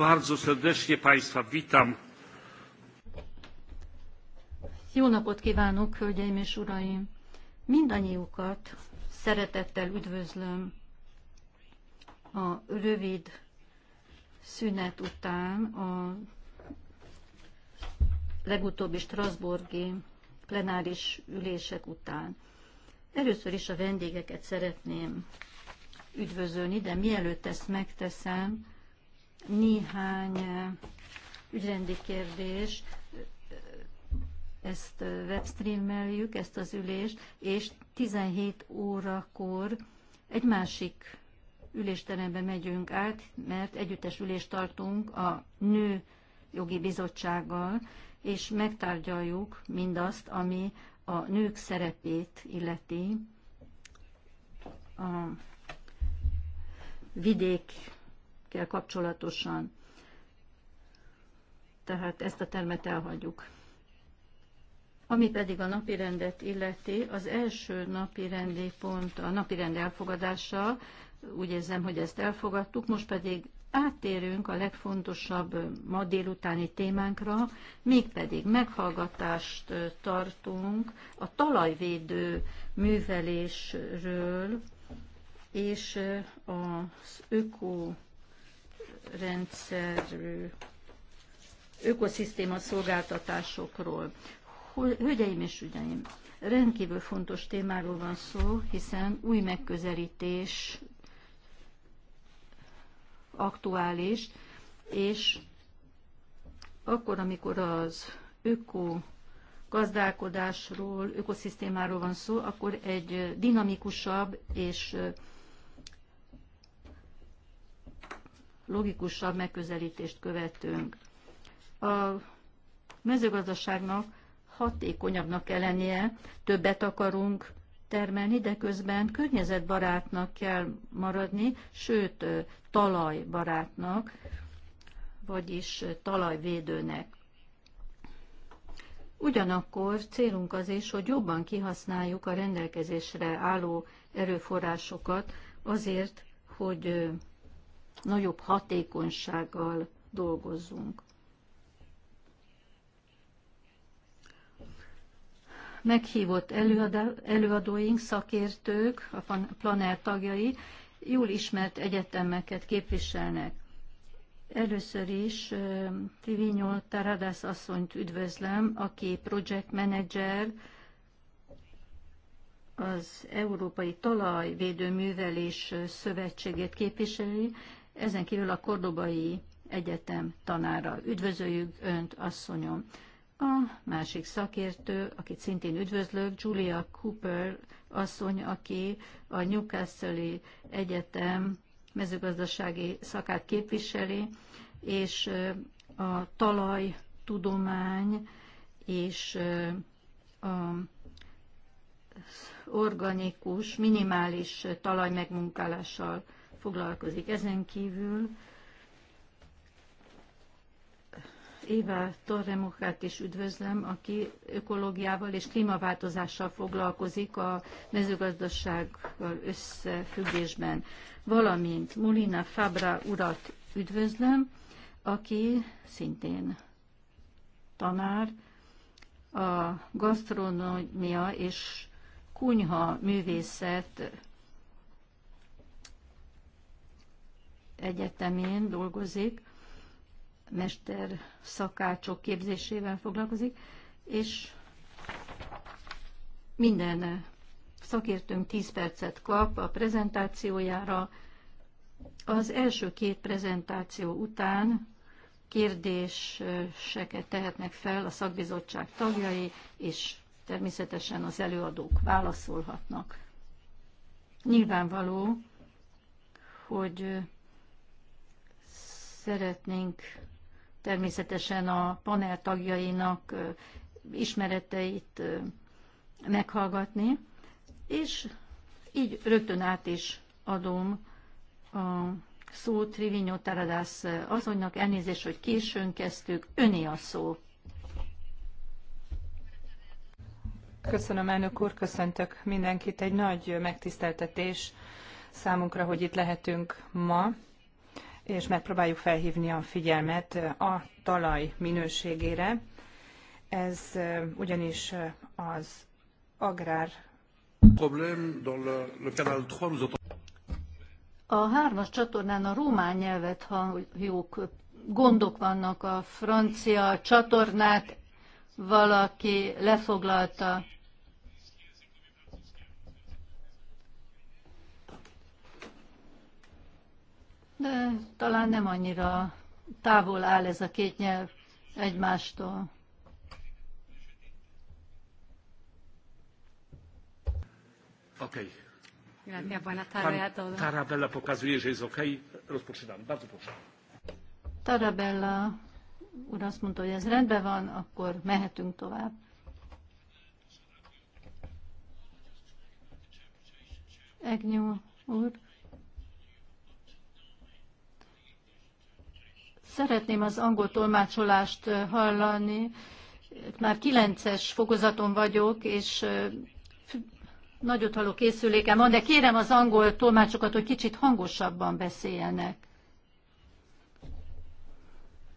Bardzo serdecznie Państwa witam. Jó napot kívánok, hölgyeim és uraim! Mindannyiukat szeretettel üdvözlöm a rövid szünet után a legutóbbi Strasburgi plenáris ülések után. Először is a vendégeket szeretném üdvözölni, de mielőtt ezt megteszem, néhány ügyrendi kérdés, ezt webstreameljük, ezt az ülést, és 17 órakor egy másik ülésterembe megyünk át, mert együttes ülést tartunk a nő jogi bizottsággal, és megtárgyaljuk mindazt, ami a nők szerepét illeti a vidék kell kapcsolatosan. Tehát ezt a termet elhagyjuk. Ami pedig a napirendet illeti, az első napirendi pont a rend elfogadása, úgy érzem, hogy ezt elfogadtuk, most pedig áttérünk a legfontosabb ma délutáni témánkra, mégpedig meghallgatást tartunk a talajvédő művelésről és az öko rendszerű ökoszisztéma szolgáltatásokról. Hölgyeim és ügyeim, rendkívül fontos témáról van szó, hiszen új megközelítés aktuális, és akkor, amikor az öko gazdálkodásról, ökoszisztémáról van szó, akkor egy dinamikusabb és logikusabb megközelítést követünk. A mezőgazdaságnak hatékonyabbnak kell lennie, többet akarunk termelni, de közben környezetbarátnak kell maradni, sőt talajbarátnak, vagyis talajvédőnek. Ugyanakkor célunk az is, hogy jobban kihasználjuk a rendelkezésre álló erőforrásokat azért, hogy nagyobb hatékonysággal dolgozzunk. Meghívott előadóink, szakértők, a planer tagjai jól ismert egyetemeket képviselnek. Először is Trivino Taradász asszonyt üdvözlöm, aki project manager az Európai Talajvédőművelés Művelés Szövetségét képviseli, ezen kívül a Kordobai Egyetem tanára. Üdvözöljük Önt, asszonyom! A másik szakértő, akit szintén üdvözlök, Julia Cooper asszony, aki a Newcastle Egyetem mezőgazdasági szakát képviseli, és a talajtudomány és a organikus, minimális talajmegmunkálással. megmunkálással foglalkozik. Ezen kívül Éva Torremokát is üdvözlöm, aki ökológiával és klímaváltozással foglalkozik a mezőgazdasággal összefüggésben, valamint Mulina Fabra urat üdvözlöm, aki szintén tanár, a gasztronómia és kunyha művészet Egyetemén dolgozik, mester szakácsok képzésével foglalkozik, és minden szakértőnk 10 percet kap a prezentációjára. Az első két prezentáció után kérdéseket tehetnek fel a szakbizottság tagjai, és természetesen az előadók válaszolhatnak. Nyilvánvaló, hogy Szeretnénk természetesen a panel tagjainak ismereteit meghallgatni, és így rögtön át is adom a szót Rivinyó Taradász azonnak, elnézést, hogy későn kezdtük, öné a szó. Köszönöm, elnök úr, köszöntök mindenkit. Egy nagy megtiszteltetés számunkra, hogy itt lehetünk ma és megpróbáljuk felhívni a figyelmet a talaj minőségére. Ez ugyanis az agrár a hármas csatornán a román nyelvet halljuk, gondok vannak a francia csatornát, valaki lefoglalta. de talán nem annyira távol áll ez a két nyelv egymástól. Okej. Okay. Tarabella pokazuje, że jest okej. Okay. Rozpoczynamy. Bardzo proszę. Tarabella úr azt mondta, hogy ez rendben van, akkor mehetünk tovább. Egnyú úr. Szeretném az angol tolmácsolást hallani. Már kilences fokozaton vagyok, és nagyot halló készülékem van, de kérem az angol tolmácsokat, hogy kicsit hangosabban beszéljenek.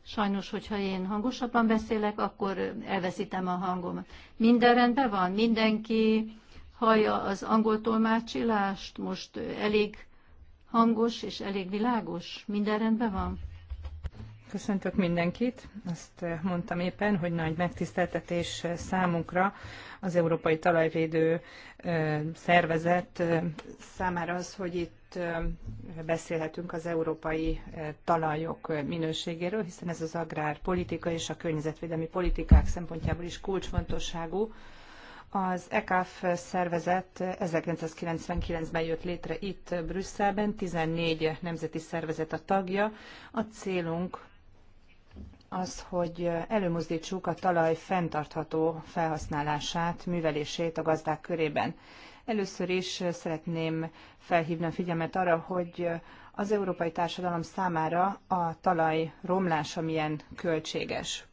Sajnos, hogyha én hangosabban beszélek, akkor elveszítem a hangomat. Minden rendben van? Mindenki hallja az angol tolmácsilást? Most elég hangos és elég világos? Minden rendben van? Köszöntök mindenkit. Azt eh, mondtam éppen, hogy nagy megtiszteltetés eh, számunkra az Európai Talajvédő eh, Szervezet számára az, hogy itt beszélhetünk az európai talajok minőségéről, hiszen ez az agrárpolitika és a környezetvédelmi politikák szempontjából is kulcsfontosságú. Az ECAF szervezet 1999-ben jött létre itt Brüsszelben, 14 nemzeti szervezet a tagja. A célunk az, hogy előmozdítsuk a talaj fenntartható felhasználását, művelését a gazdák körében. Először is szeretném felhívni a figyelmet arra, hogy az európai társadalom számára a talaj romlása milyen költséges.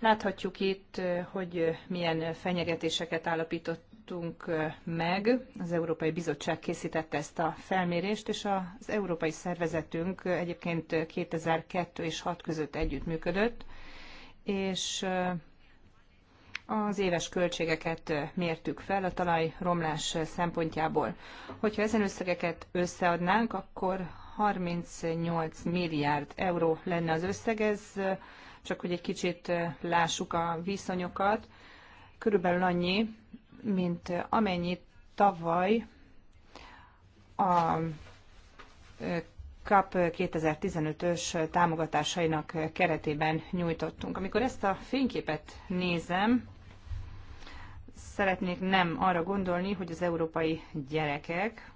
Láthatjuk itt, hogy milyen fenyegetéseket állapított tudtunk meg, az Európai Bizottság készítette ezt a felmérést, és az európai szervezetünk egyébként 2002 és 6 között együttműködött, és az éves költségeket mértük fel a talajromlás szempontjából. Hogyha ezen összegeket összeadnánk, akkor 38 milliárd euró lenne az összeg, ez csak hogy egy kicsit lássuk a viszonyokat, körülbelül annyi, mint amennyi tavaly a CAP 2015-ös támogatásainak keretében nyújtottunk. Amikor ezt a fényképet nézem, szeretnék nem arra gondolni, hogy az európai gyerekek,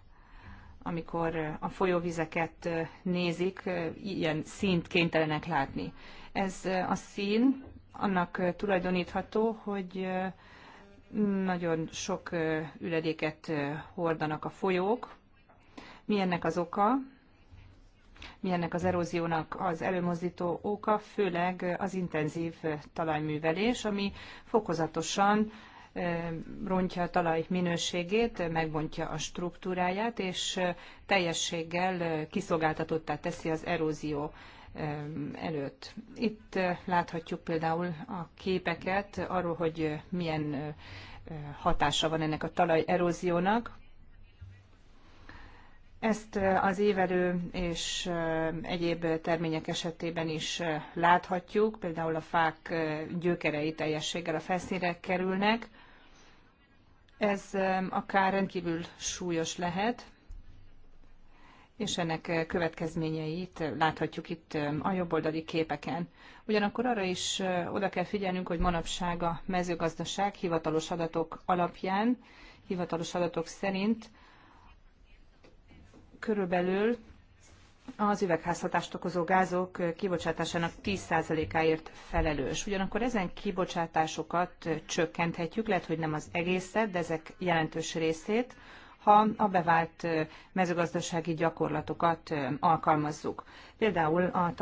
amikor a folyóvizeket nézik, ilyen színt kénytelenek látni. Ez a szín annak tulajdonítható, hogy nagyon sok üledéket hordanak a folyók. Mi ennek az oka? Mi ennek az eróziónak az előmozdító oka? Főleg az intenzív talajművelés, ami fokozatosan rontja a talaj minőségét, megbontja a struktúráját, és teljességgel kiszolgáltatottá teszi az erózió előtt. Itt láthatjuk például a képeket arról, hogy milyen hatása van ennek a talaj eróziónak. Ezt az évelő és egyéb termények esetében is láthatjuk, például a fák gyökerei teljességgel a felszínre kerülnek. Ez akár rendkívül súlyos lehet, és ennek eh, következményeit láthatjuk itt eh, a jobboldali képeken. Ugyanakkor arra is eh, oda kell figyelnünk, hogy manapság a mezőgazdaság hivatalos adatok alapján, hivatalos adatok szerint körülbelül az üvegházhatást okozó gázok kibocsátásának 10%-áért felelős. Ugyanakkor ezen kibocsátásokat csökkenthetjük, lehet, hogy nem az egészet, de ezek jelentős részét, ha a bevált mezőgazdasági gyakorlatokat alkalmazzuk. Például a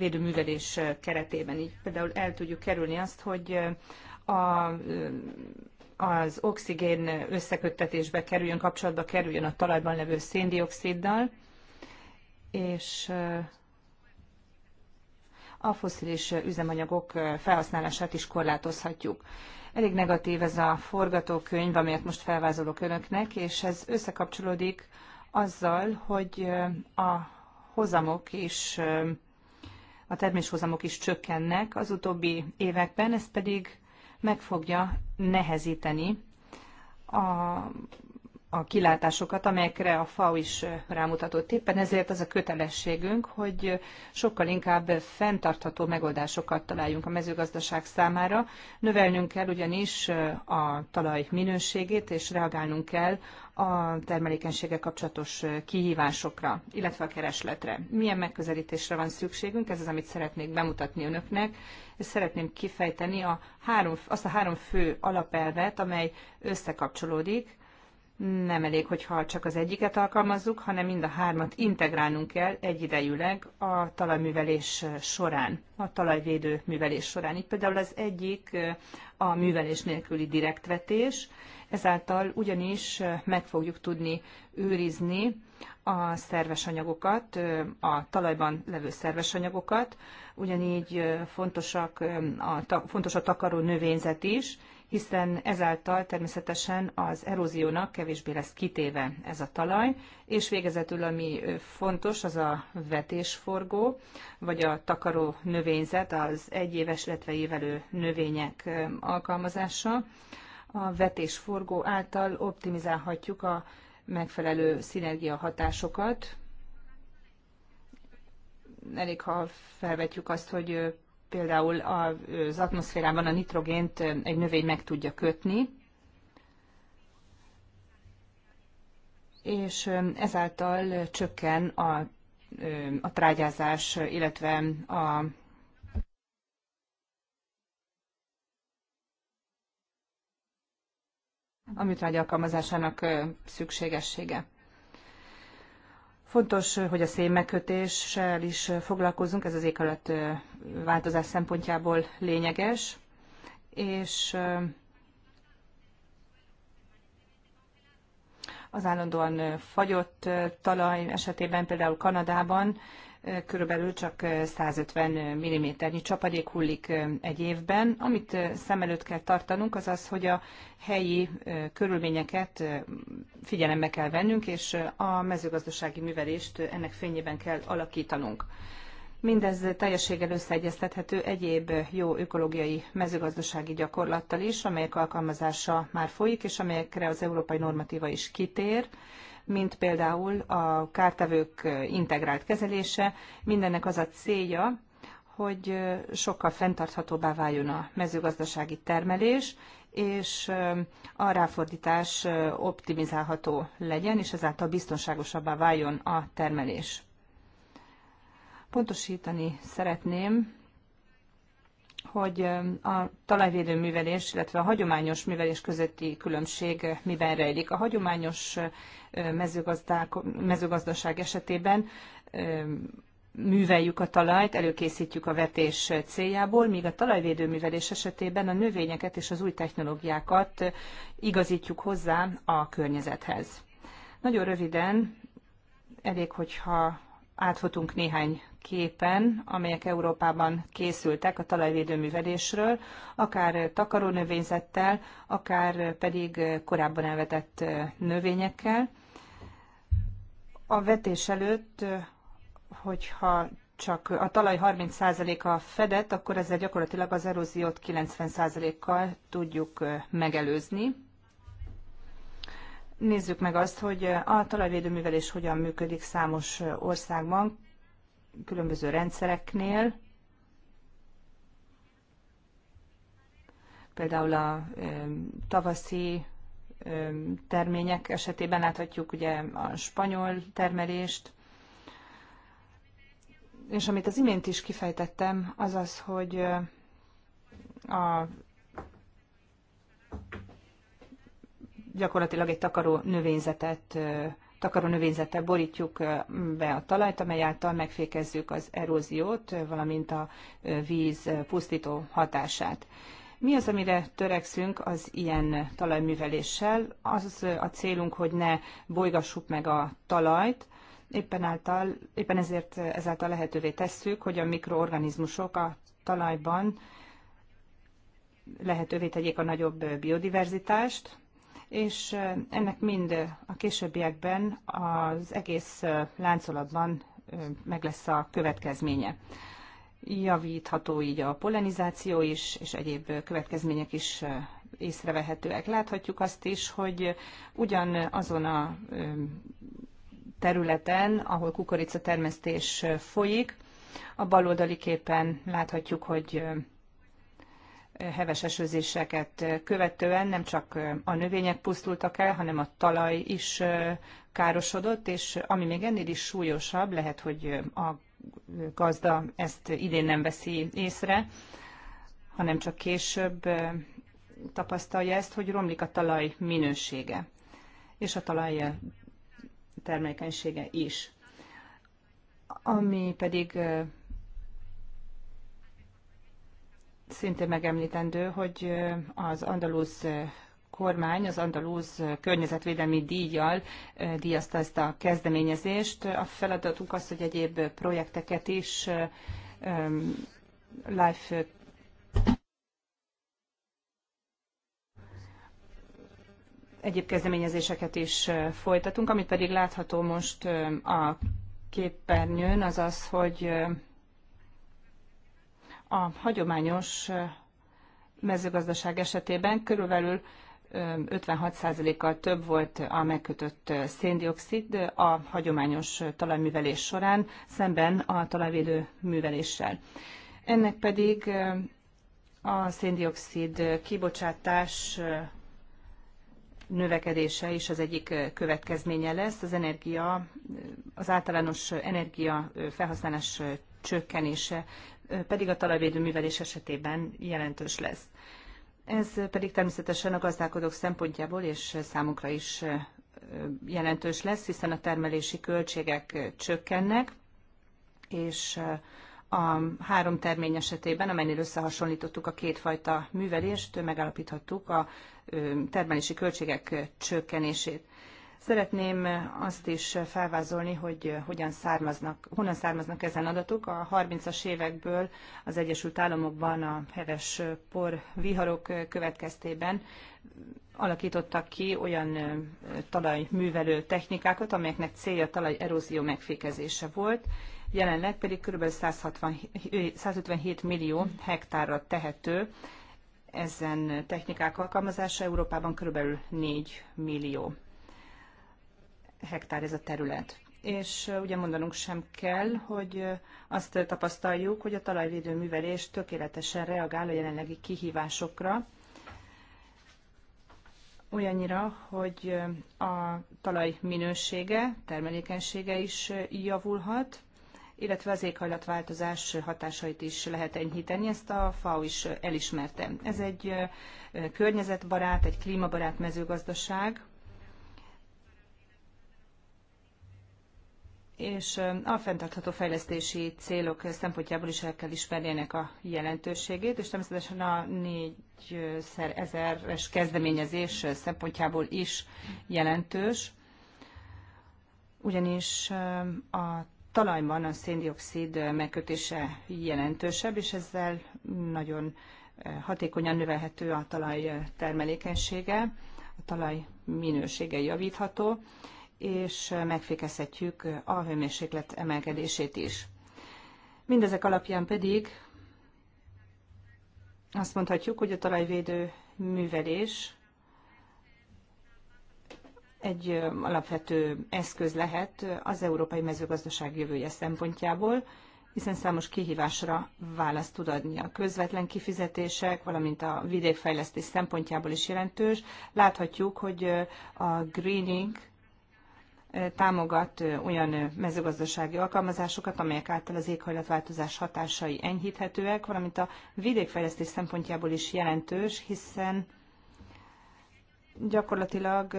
művelés keretében így például el tudjuk kerülni azt, hogy a az oxigén összeköttetésbe kerüljön, kapcsolatba kerüljön a talajban levő széndioksziddal, és a foszilis üzemanyagok felhasználását is korlátozhatjuk. Elég negatív ez a forgatókönyv, amelyet most felvázolok önöknek, és ez összekapcsolódik azzal, hogy a hozamok is, a terméshozamok is csökkennek az utóbbi években, ez pedig meg fogja nehezíteni a a kilátásokat, amelyekre a FAO is rámutatott éppen, ezért az a kötelességünk, hogy sokkal inkább fenntartható megoldásokat találjunk a mezőgazdaság számára. Növelnünk kell ugyanis a talaj minőségét, és reagálnunk kell a termelékenységgel kapcsolatos kihívásokra, illetve a keresletre. Milyen megközelítésre van szükségünk, ez az, amit szeretnék bemutatni önöknek, és szeretném kifejteni a három, azt a három fő alapelvet, amely összekapcsolódik nem elég, hogyha csak az egyiket alkalmazzuk, hanem mind a hármat integrálnunk kell egyidejűleg a talajművelés során, a talajvédő művelés során. Itt például az egyik a művelés nélküli direktvetés, ezáltal ugyanis meg fogjuk tudni őrizni a szerves anyagokat, a talajban levő szerves anyagokat, ugyanígy fontosak, a, fontos a takaró növényzet is, hiszen ezáltal természetesen az eróziónak kevésbé lesz kitéve ez a talaj, és végezetül ami fontos, az a vetésforgó, vagy a takaró növényzet, az egyéves, illetve évelő növények alkalmazása. A vetésforgó által optimizálhatjuk a megfelelő szinergia hatásokat, elég, ha felvetjük azt, hogy például az atmoszférában a nitrogént egy növény meg tudja kötni, és ezáltal csökken a, a trágyázás, illetve a a műtrágy alkalmazásának szükségessége. Fontos, hogy a szén is foglalkozunk, ez az éghajlat változás szempontjából lényeges, és az állandóan fagyott talaj esetében, például Kanadában körülbelül csak 150 mm csapadék hullik egy évben. Amit szem előtt kell tartanunk, az az, hogy a helyi körülményeket figyelembe kell vennünk, és a mezőgazdasági művelést ennek fényében kell alakítanunk. Mindez teljességgel összeegyeztethető egyéb jó ökológiai mezőgazdasági gyakorlattal is, amelyek alkalmazása már folyik, és amelyekre az európai normatíva is kitér mint például a kártevők integrált kezelése. Mindennek az a célja, hogy sokkal fenntarthatóbbá váljon a mezőgazdasági termelés, és a ráfordítás optimizálható legyen, és ezáltal biztonságosabbá váljon a termelés. Pontosítani szeretném, hogy a talajvédő művelés, illetve a hagyományos művelés közötti különbség miben rejlik. A hagyományos mezőgazdaság esetében műveljük a talajt, előkészítjük a vetés céljából, míg a talajvédő művelés esetében a növényeket és az új technológiákat igazítjuk hozzá a környezethez. Nagyon röviden, elég, hogyha átfutunk néhány képen, amelyek Európában készültek a talajvédőművelésről, akár takarónövényzettel, akár pedig korábban elvetett növényekkel. A vetés előtt, hogyha csak a talaj 30%-a fedett, akkor ezzel gyakorlatilag az eróziót 90%-kal tudjuk megelőzni. Nézzük meg azt, hogy a talajvédőművelés hogyan működik számos országban, különböző rendszereknél, például a tavaszi termények esetében láthatjuk ugye a spanyol termelést, és amit az imént is kifejtettem, az az, hogy a gyakorlatilag egy takaró növényzetet takaró növényzettel borítjuk be a talajt, amely által megfékezzük az eróziót, valamint a víz pusztító hatását. Mi az, amire törekszünk az ilyen talajműveléssel? Az a célunk, hogy ne bolygassuk meg a talajt, éppen, által, éppen ezért ezáltal lehetővé tesszük, hogy a mikroorganizmusok a talajban lehetővé tegyék a nagyobb biodiverzitást, és ennek mind a későbbiekben az egész láncolatban meg lesz a következménye. Javítható így a polenizáció is, és egyéb következmények is észrevehetőek. Láthatjuk azt is, hogy ugyan azon a területen, ahol kukoricatermesztés folyik, a baloldali képen láthatjuk, hogy heves esőzéseket követően nem csak a növények pusztultak el, hanem a talaj is károsodott, és ami még ennél is súlyosabb, lehet, hogy a gazda ezt idén nem veszi észre, hanem csak később tapasztalja ezt, hogy romlik a talaj minősége, és a talaj termékenysége is. Ami pedig Szintén megemlítendő, hogy az andalusz kormány az andalúz környezetvédelmi díjjal díjazta ezt a kezdeményezést. A feladatunk az, hogy egyéb projekteket is life egyéb kezdeményezéseket is folytatunk, amit pedig látható most a képernyőn, az az, hogy a hagyományos mezőgazdaság esetében körülbelül 56%-kal több volt a megkötött széndiokszid a hagyományos talajművelés során, szemben a talajvédő műveléssel. Ennek pedig a széndiokszid kibocsátás növekedése is az egyik következménye lesz. Az energia, az általános energia felhasználás csökkenése pedig a művelés esetében jelentős lesz. Ez pedig természetesen a gazdálkodók szempontjából és számunkra is jelentős lesz, hiszen a termelési költségek csökkennek, és a három termény esetében, amelynél összehasonlítottuk a kétfajta művelést, megállapíthattuk a termelési költségek csökkenését. Szeretném azt is felvázolni, hogy hogyan származnak, honnan származnak ezen adatok. A 30-as évekből az Egyesült Államokban a heves por viharok következtében alakítottak ki olyan talajművelő technikákat, amelyeknek célja talaj erózió megfékezése volt, jelenleg pedig kb. 160, 157 millió hektárra tehető ezen technikák alkalmazása, Európában kb. 4 millió hektár ez a terület. És ugye mondanunk sem kell, hogy azt tapasztaljuk, hogy a művelés tökéletesen reagál a jelenlegi kihívásokra, olyannyira, hogy a talaj minősége, termelékenysége is javulhat, illetve az éghajlatváltozás hatásait is lehet enyhíteni, ezt a FAO is elismerte. Ez egy környezetbarát, egy klímabarát mezőgazdaság, és a fenntartható fejlesztési célok szempontjából is el kell ismerni ennek a jelentőségét, és természetesen a 4000-es kezdeményezés szempontjából is jelentős, ugyanis a talajban a széndiokszid megkötése jelentősebb, és ezzel nagyon hatékonyan növelhető a talaj termelékenysége, a talaj minősége javítható, és megfékezhetjük a hőmérséklet emelkedését is. Mindezek alapján pedig azt mondhatjuk, hogy a talajvédő művelés egy alapvető eszköz lehet az európai mezőgazdaság jövője szempontjából, hiszen számos kihívásra választ tud adni. A közvetlen kifizetések, valamint a vidékfejlesztés szempontjából is jelentős. Láthatjuk, hogy a greening támogat olyan mezőgazdasági alkalmazásokat, amelyek által az éghajlatváltozás hatásai enyhíthetőek, valamint a vidékfejlesztés szempontjából is jelentős, hiszen gyakorlatilag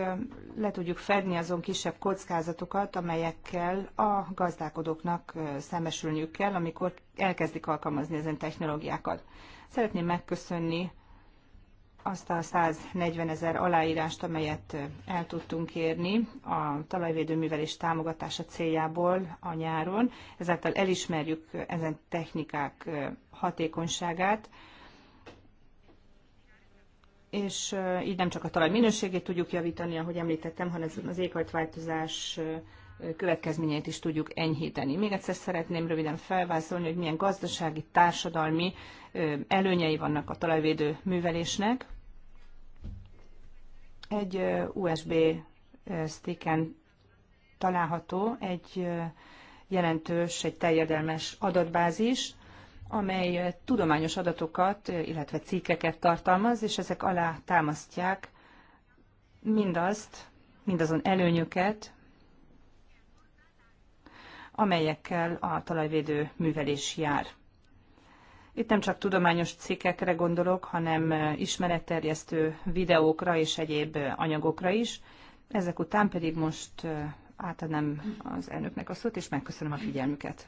le tudjuk fedni azon kisebb kockázatokat, amelyekkel a gazdálkodóknak szembesülniük kell, amikor elkezdik alkalmazni ezen technológiákat. Szeretném megköszönni azt a 140 ezer aláírást, amelyet el tudtunk érni a talajvédőművelés támogatása céljából a nyáron. Ezáltal elismerjük ezen technikák hatékonyságát, és így nem csak a talaj minőségét tudjuk javítani, ahogy említettem, hanem az éghajtváltozás következményeit is tudjuk enyhíteni. Még egyszer szeretném röviden felvázolni, hogy milyen gazdasági, társadalmi előnyei vannak a talajvédő művelésnek. Egy USB sticken található egy jelentős, egy teljedelmes adatbázis, amely tudományos adatokat, illetve cikkeket tartalmaz, és ezek alá támasztják mindazt, mindazon előnyöket, amelyekkel a talajvédő művelés jár. Itt nem csak tudományos cikkekre gondolok, hanem ismeretterjesztő videókra és egyéb anyagokra is. Ezek után pedig most átadnám az elnöknek a szót, és megköszönöm a figyelmüket.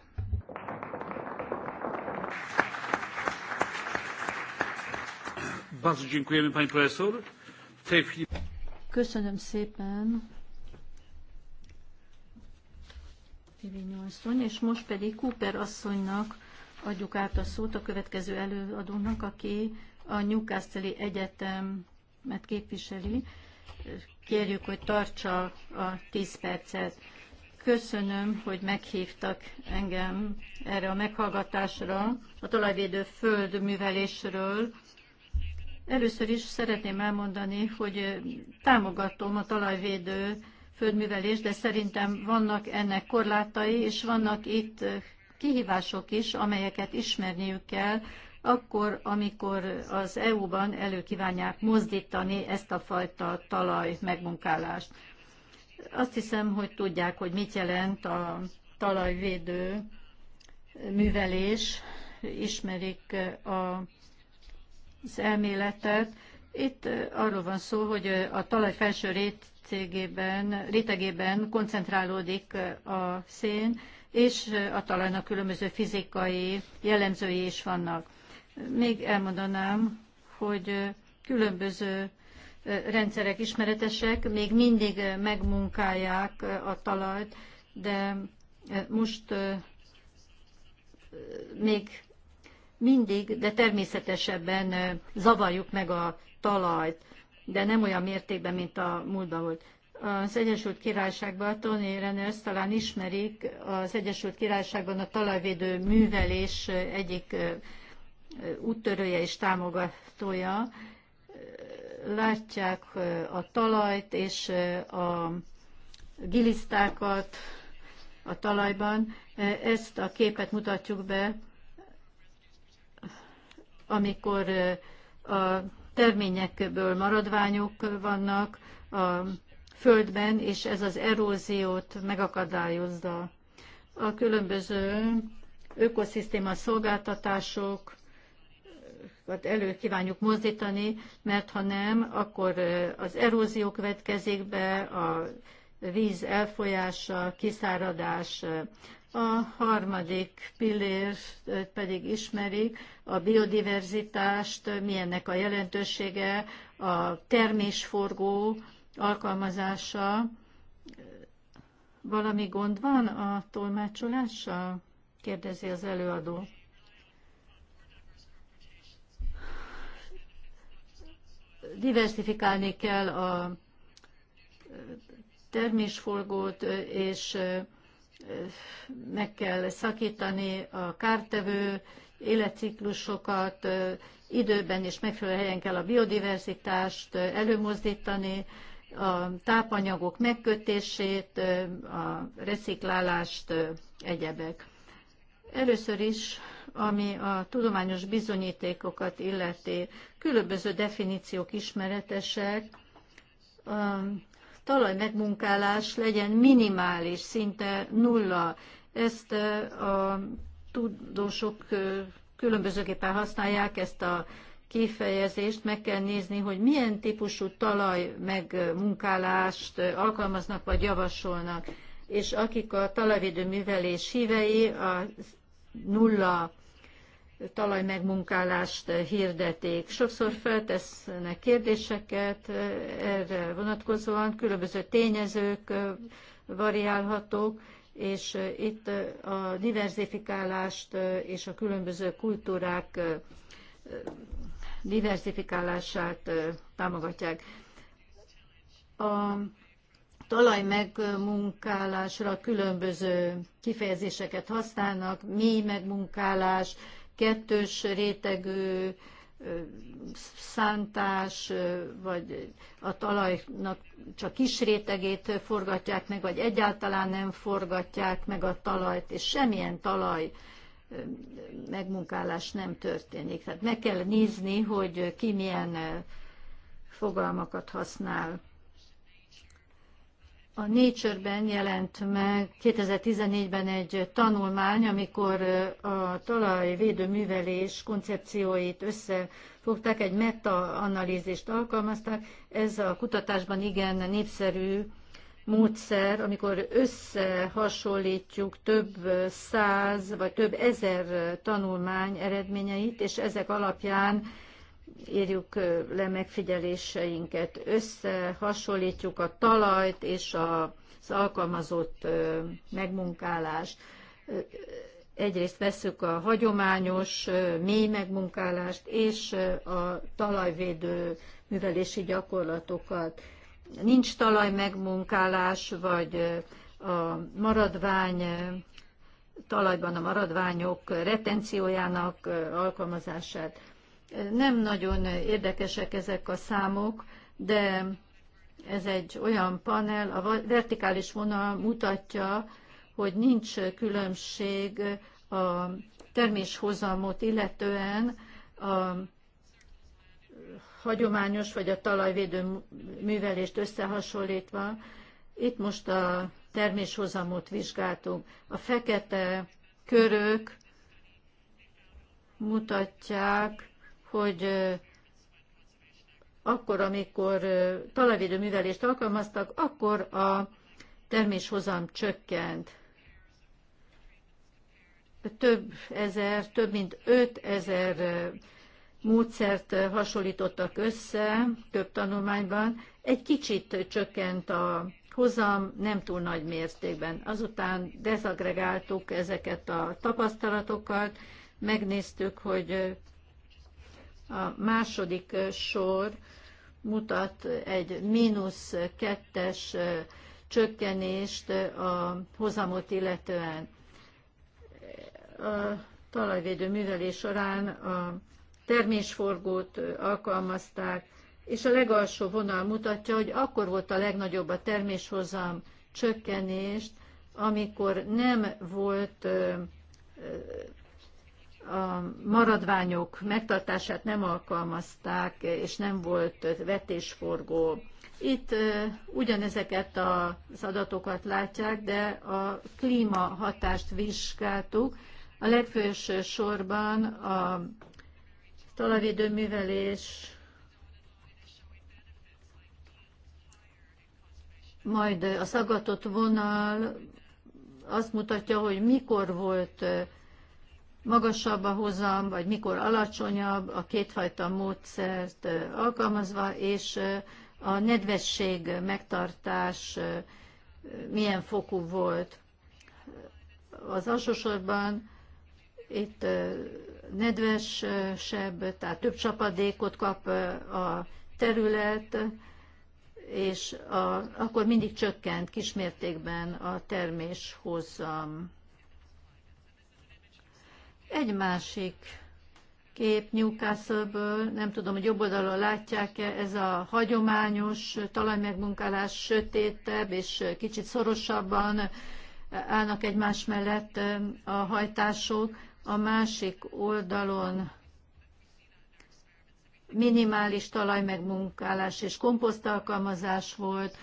Köszönöm szépen, Vivinyó asszony, és most pedig Cooper asszonynak adjuk át a szót a következő előadónak, aki a Newcastle Egyetemet képviseli. Kérjük, hogy tartsa a 10 percet. Köszönöm, hogy meghívtak engem erre a meghallgatásra a talajvédő földművelésről. Először is szeretném elmondani, hogy támogatom a talajvédő földművelést, de szerintem vannak ennek korlátai, és vannak itt kihívások is, amelyeket ismerniük kell, akkor, amikor az EU-ban előkívánják mozdítani ezt a fajta talaj megmunkálást. Azt hiszem, hogy tudják, hogy mit jelent a talajvédő művelés, ismerik a, az elméletet. Itt arról van szó, hogy a talaj felső rétegében, rétegében koncentrálódik a szén, és a talajnak különböző fizikai jellemzői is vannak. Még elmondanám, hogy különböző rendszerek ismeretesek, még mindig megmunkálják a talajt, de most még mindig, de természetesebben zavarjuk meg a talajt, de nem olyan mértékben, mint a múltban volt. Az Egyesült Királyságban Tony Renners talán ismerik, az Egyesült Királyságban a talajvédő művelés egyik úttörője és támogatója. Látják a talajt és a gilisztákat a talajban. Ezt a képet mutatjuk be, amikor a terményekből maradványok vannak, a földben, és ez az eróziót megakadályozza. A különböző ökoszisztéma szolgáltatások, hát elő kívánjuk mozdítani, mert ha nem, akkor az erózió következik be, a víz elfolyása, kiszáradás. A harmadik pillér pedig ismerik a biodiverzitást, milyennek a jelentősége, a termésforgó, alkalmazása valami gond van a tolmácsolással? kérdezi az előadó. Diversifikálni kell a termésforgót, és meg kell szakítani a kártevő életciklusokat, időben és megfelelő helyen kell a biodiverzitást előmozdítani, a tápanyagok megkötését, a reciklálást, egyebek. Először is, ami a tudományos bizonyítékokat illeti, különböző definíciók ismeretesek, a talaj megmunkálás legyen minimális, szinte nulla. Ezt a tudósok különbözőképpen használják, ezt a kifejezést, meg kell nézni, hogy milyen típusú talaj megmunkálást alkalmaznak vagy javasolnak. És akik a talajvédő művelés hívei, a nulla talaj megmunkálást hirdetik. Sokszor feltesznek kérdéseket erre vonatkozóan, különböző tényezők variálhatók, és itt a diversifikálást és a különböző kultúrák diversifikálását támogatják. A talaj megmunkálásra különböző kifejezéseket használnak, mély megmunkálás, kettős rétegű szántás, vagy a talajnak csak kis rétegét forgatják meg, vagy egyáltalán nem forgatják meg a talajt, és semmilyen talaj megmunkálás nem történik. Tehát meg kell nézni, hogy ki milyen fogalmakat használ. A Nature-ben jelent meg 2014-ben egy tanulmány, amikor a talajvédő művelés koncepcióit összefogták, egy meta-analízist alkalmazták. Ez a kutatásban igen népszerű módszer, amikor összehasonlítjuk több száz vagy több ezer tanulmány eredményeit, és ezek alapján írjuk le megfigyeléseinket, összehasonlítjuk a talajt és az alkalmazott megmunkálást. Egyrészt veszük a hagyományos mély megmunkálást és a talajvédő művelési gyakorlatokat nincs talaj megmunkálás, vagy a maradvány talajban a maradványok retenciójának alkalmazását. Nem nagyon érdekesek ezek a számok, de ez egy olyan panel, a vertikális vonal mutatja, hogy nincs különbség a terméshozamot illetően a hagyományos vagy a talajvédő művelést összehasonlítva, itt most a terméshozamot vizsgáltunk. A fekete körök mutatják, hogy akkor, amikor talajvédő művelést alkalmaztak, akkor a terméshozam csökkent. Több ezer, több mint öt ezer módszert hasonlítottak össze több tanulmányban, egy kicsit csökkent a hozam, nem túl nagy mértékben. Azután dezagregáltuk ezeket a tapasztalatokat, megnéztük, hogy a második sor mutat egy mínusz kettes csökkenést a hozamot illetően. A talajvédő művelés során a termésforgót alkalmazták, és a legalsó vonal mutatja, hogy akkor volt a legnagyobb a terméshozam csökkenést, amikor nem volt a maradványok megtartását nem alkalmazták, és nem volt vetésforgó. Itt ugyanezeket az adatokat látják, de a klímahatást vizsgáltuk. A legfős sorban a művelés, majd a szaggatott vonal azt mutatja, hogy mikor volt magasabb a hozam, vagy mikor alacsonyabb a kétfajta módszert alkalmazva, és a nedvesség megtartás milyen fokú volt. Az alsósorban itt nedvesebb, tehát több csapadékot kap a terület, és a, akkor mindig csökkent kismértékben a termés hozzam. Egy másik kép Newcastle-ből, nem tudom, hogy jobb oldalon látják-e, ez a hagyományos talajmegmunkálás sötétebb és kicsit szorosabban állnak egymás mellett a hajtások a másik oldalon minimális talajmegmunkálás és komposztalkalmazás volt,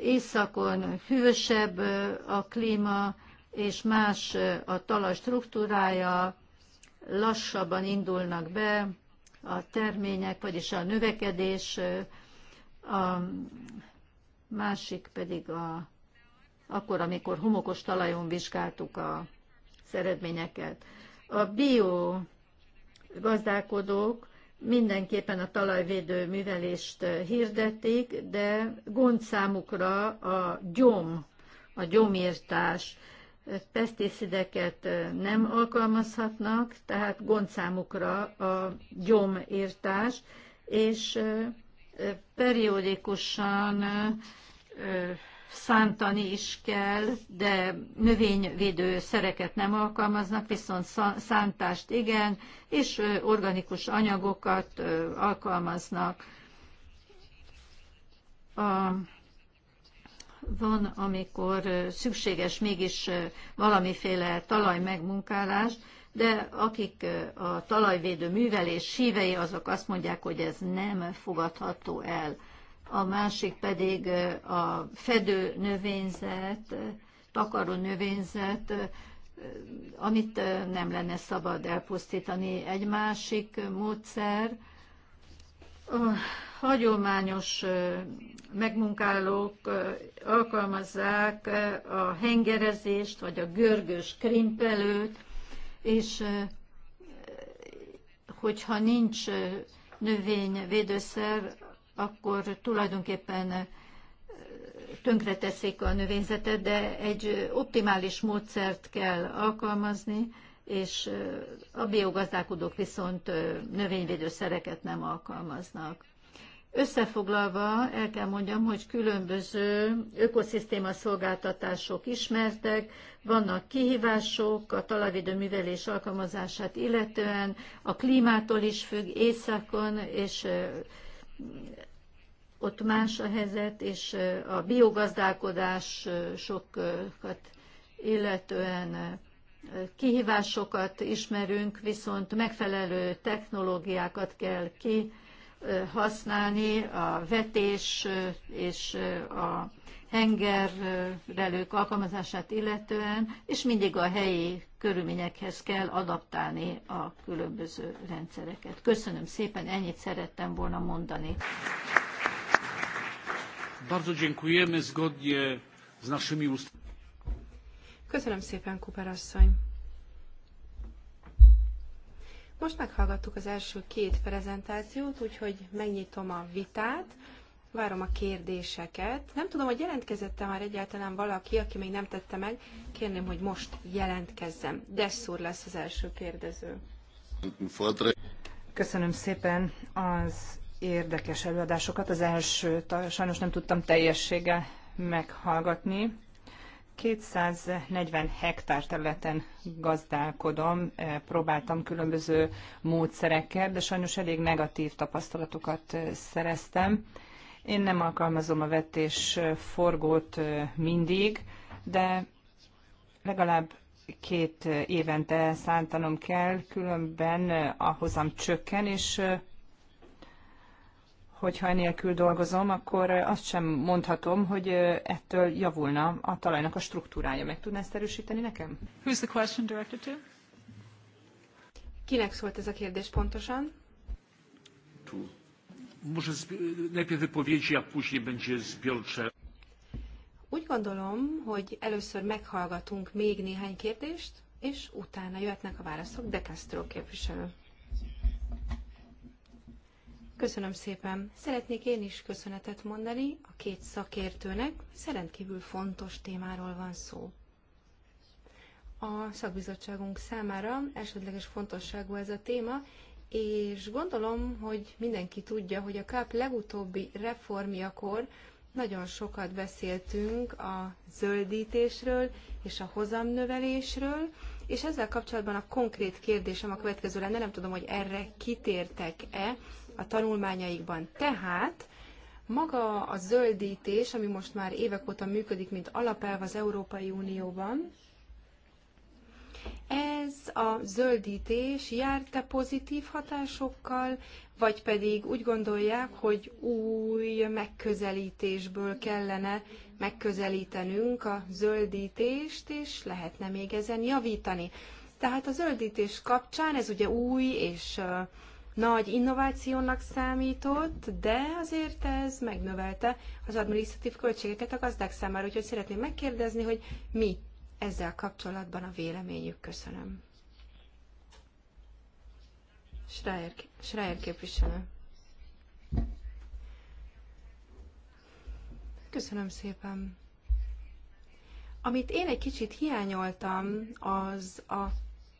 északon hűsebb a klíma, és más a talaj struktúrája, lassabban indulnak be a termények, vagyis a növekedés, a másik pedig a, akkor, amikor homokos talajon vizsgáltuk a eredményeket. A bio gazdálkodók mindenképpen a talajvédő művelést hirdetik, de gond számukra a gyom, a gyomírtás, pesticideket nem alkalmazhatnak, tehát gond számukra a gyomírtás, és periódikusan szántani is kell, de növényvédő szereket nem alkalmaznak, viszont szántást igen, és organikus anyagokat alkalmaznak. A, van, amikor szükséges mégis valamiféle talaj megmunkálás, de akik a talajvédő művelés hívei, azok azt mondják, hogy ez nem fogadható el a másik pedig a fedő növényzet, takaró növényzet, amit nem lenne szabad elpusztítani. Egy másik módszer, a hagyományos megmunkálók alkalmazzák a hengerezést, vagy a görgős krimpelőt, és hogyha nincs növényvédőszer, akkor tulajdonképpen tönkreteszik a növényzetet, de egy optimális módszert kell alkalmazni, és a biogazdálkodók viszont növényvédőszereket nem alkalmaznak. Összefoglalva el kell mondjam, hogy különböző ökoszisztéma szolgáltatások ismertek, vannak kihívások a talajvédő művelés alkalmazását illetően, a klímától is függ északon és ott más a helyzet, és a biogazdálkodás sokat illetően kihívásokat ismerünk, viszont megfelelő technológiákat kell kihasználni, a vetés és a hengerrelők alkalmazását illetően, és mindig a helyi körülményekhez kell adaptálni a különböző rendszereket. Köszönöm szépen, ennyit szerettem volna mondani. dziękujemy zgodnie z naszymi ust... Köszönöm szépen, Kuper asszony. Most meghallgattuk az első két prezentációt, úgyhogy megnyitom a vitát várom a kérdéseket. Nem tudom, hogy jelentkezette már egyáltalán valaki, aki még nem tette meg. Kérném, hogy most jelentkezzem. Desszúr lesz az első kérdező. Köszönöm szépen az érdekes előadásokat. Az elsőt sajnos nem tudtam teljességgel meghallgatni. 240 hektár területen gazdálkodom, eh, próbáltam különböző módszerekkel, de sajnos elég negatív tapasztalatokat eh, szereztem. Én nem alkalmazom a vetés forgót mindig, de legalább két évente szántanom kell, különben a hozam csökken, és hogyha enélkül dolgozom, akkor azt sem mondhatom, hogy ettől javulna a talajnak a struktúrája. Meg tudná ezt erősíteni nekem? Who's the question directed to? Kinek szólt ez a kérdés pontosan? To Może najpierw wypowiedzi, a później będzie zbiorcze. Úgy gondolom, hogy először meghallgatunk még néhány kérdést, és utána jöhetnek a válaszok. De Castro képviselő. Köszönöm szépen. Szeretnék én is köszönetet mondani a két szakértőnek, hiszen fontos témáról van szó. A szakbizottságunk számára elsődleges fontosságú ez a téma, és gondolom, hogy mindenki tudja, hogy a KAP legutóbbi reformjakor nagyon sokat beszéltünk a zöldítésről és a hozamnövelésről, és ezzel kapcsolatban a konkrét kérdésem a következő lenne, nem tudom, hogy erre kitértek-e a tanulmányaikban. Tehát maga a zöldítés, ami most már évek óta működik, mint alapelv az Európai Unióban, ez a zöldítés járta pozitív hatásokkal, vagy pedig úgy gondolják, hogy új megközelítésből kellene megközelítenünk a zöldítést, és lehetne még ezen javítani. Tehát a zöldítés kapcsán ez ugye új és nagy innovációnak számított, de azért ez megnövelte az administratív költségeket a gazdák számára. Úgyhogy szeretném megkérdezni, hogy mi ezzel kapcsolatban a véleményük. Köszönöm. Schreier, Schreier képviselő. Köszönöm szépen. Amit én egy kicsit hiányoltam, az a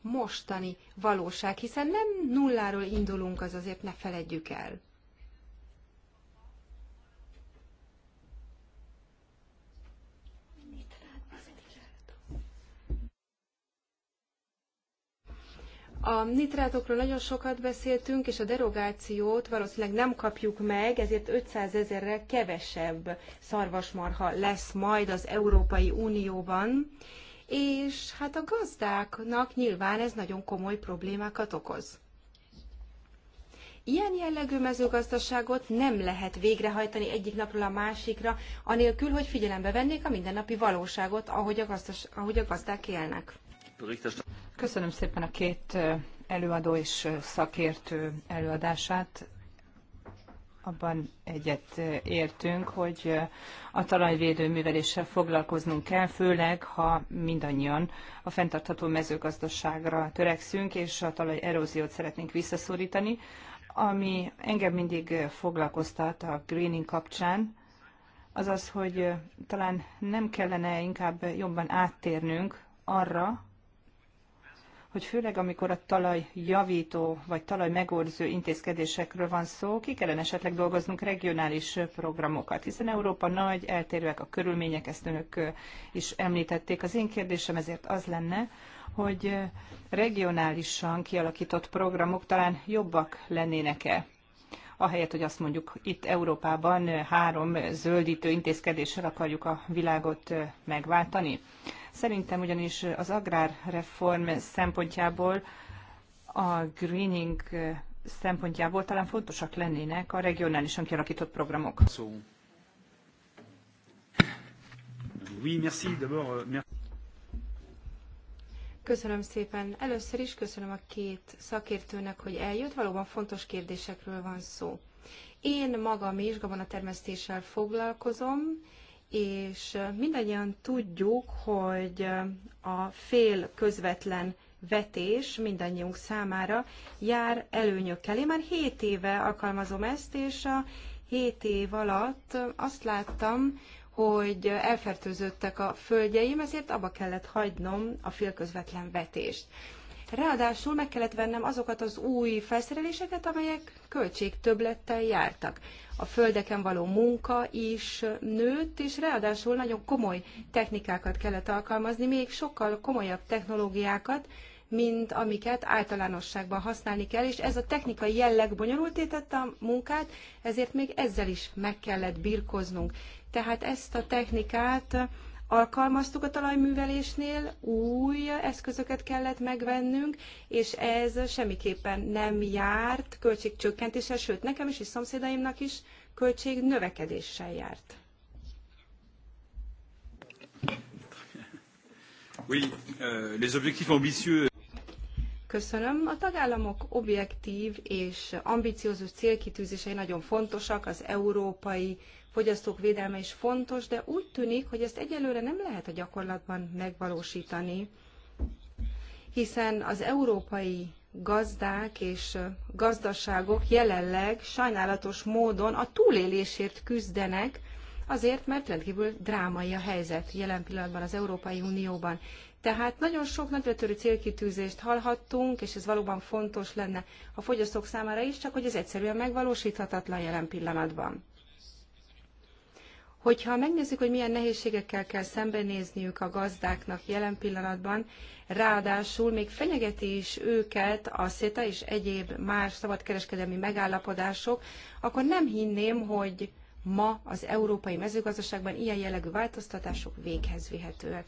mostani valóság, hiszen nem nulláról indulunk, az azért ne feledjük el. A nitrátokról nagyon sokat beszéltünk, és a derogációt valószínűleg nem kapjuk meg, ezért 500 ezerrel kevesebb szarvasmarha lesz majd az Európai Unióban, és hát a gazdáknak nyilván ez nagyon komoly problémákat okoz. Ilyen jellegű mezőgazdaságot nem lehet végrehajtani egyik napról a másikra, anélkül, hogy figyelembe vennék a mindennapi valóságot, ahogy a, gazdas, ahogy a gazdák élnek. Köszönöm szépen a két előadó és szakértő előadását. Abban egyet értünk, hogy a talajvédő műveléssel foglalkoznunk kell, főleg, ha mindannyian a fenntartható mezőgazdaságra törekszünk, és a talaj eróziót szeretnénk visszaszorítani. Ami engem mindig foglalkoztat a greening kapcsán, az az, hogy talán nem kellene inkább jobban áttérnünk arra, hogy főleg amikor a talajjavító vagy talaj intézkedésekről van szó, ki kellene esetleg dolgoznunk regionális programokat, hiszen Európa nagy, eltérőek a körülmények, ezt önök is említették. Az én kérdésem ezért az lenne, hogy regionálisan kialakított programok talán jobbak lennének-e? ahelyett, hogy azt mondjuk itt Európában három zöldítő intézkedéssel akarjuk a világot megváltani. Szerintem ugyanis az agrárreform szempontjából a greening szempontjából talán fontosak lennének a regionálisan kialakított programok. Szóval. Köszönöm szépen. Először is köszönöm a két szakértőnek, hogy eljött. Valóban fontos kérdésekről van szó. Én magam is gabonatermesztéssel foglalkozom, és mindannyian tudjuk, hogy a fél közvetlen vetés mindannyiunk számára jár előnyökkel. Én már 7 éve alkalmazom ezt, és a 7 év alatt azt láttam, hogy elfertőzöttek a földjeim, ezért abba kellett hagynom a félközvetlen vetést. Ráadásul meg kellett vennem azokat az új felszereléseket, amelyek költségtöblettel jártak. A földeken való munka is nőtt, és ráadásul nagyon komoly technikákat kellett alkalmazni, még sokkal komolyabb technológiákat, mint amiket általánosságban használni kell, és ez a technikai jelleg bonyolulté a munkát, ezért még ezzel is meg kellett birkoznunk. Tehát ezt a technikát alkalmaztuk a talajművelésnél, új eszközöket kellett megvennünk, és ez semmiképpen nem járt költségcsökkentéssel, sőt nekem is és szomszédaimnak is költség növekedéssel járt. Oui, euh, les objectifs ambitieux. Köszönöm. A tagállamok objektív és ambiciózus célkitűzései nagyon fontosak, az európai fogyasztók védelme is fontos, de úgy tűnik, hogy ezt egyelőre nem lehet a gyakorlatban megvalósítani, hiszen az európai gazdák és gazdaságok jelenleg sajnálatos módon a túlélésért küzdenek, azért, mert rendkívül drámai a helyzet jelen pillanatban az Európai Unióban. Tehát nagyon sok nagyra célkitűzést hallhattunk, és ez valóban fontos lenne a fogyasztók számára is, csak hogy ez egyszerűen megvalósíthatatlan jelen pillanatban. Hogyha megnézzük, hogy milyen nehézségekkel kell szembenézniük a gazdáknak jelen pillanatban, ráadásul még fenyegeti is őket a SZETA és egyéb más szabadkereskedelmi megállapodások, akkor nem hinném, hogy ma az európai mezőgazdaságban ilyen jellegű változtatások véghez vihetőek.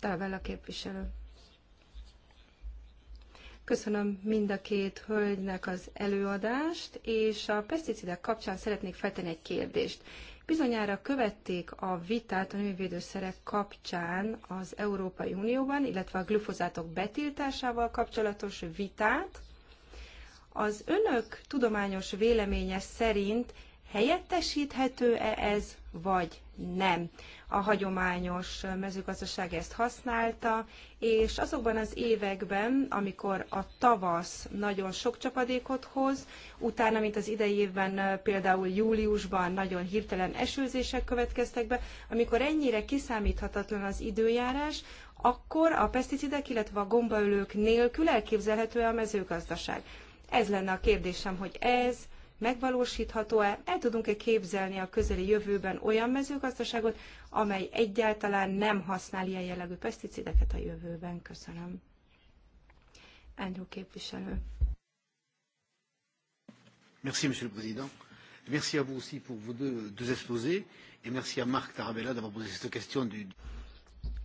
Távella képviselő. Köszönöm mind a két hölgynek az előadást, és a peszticidek kapcsán szeretnék feltenni egy kérdést. Bizonyára követték a vitát a növényvédőszerek kapcsán az Európai Unióban, illetve a glüfozátok betiltásával kapcsolatos vitát. Az önök tudományos véleménye szerint Helyettesíthető-e ez, vagy nem? A hagyományos mezőgazdaság ezt használta, és azokban az években, amikor a tavasz nagyon sok csapadékot hoz, utána, mint az idei évben például júliusban nagyon hirtelen esőzések következtek be, amikor ennyire kiszámíthatatlan az időjárás, akkor a peszticidek, illetve a gombaölők nélkül elképzelhető -e a mezőgazdaság. Ez lenne a kérdésem, hogy ez megvalósítható-e, el tudunk-e képzelni a közeli jövőben olyan mezőgazdaságot, amely egyáltalán nem használ ilyen jellegű peszticideket a jövőben. Köszönöm. Andrew képviselő. Merci, Monsieur le Président. Merci à vous aussi pour vos deux, deux exposés et merci à Marc Tarabella d'avoir posé cette question du...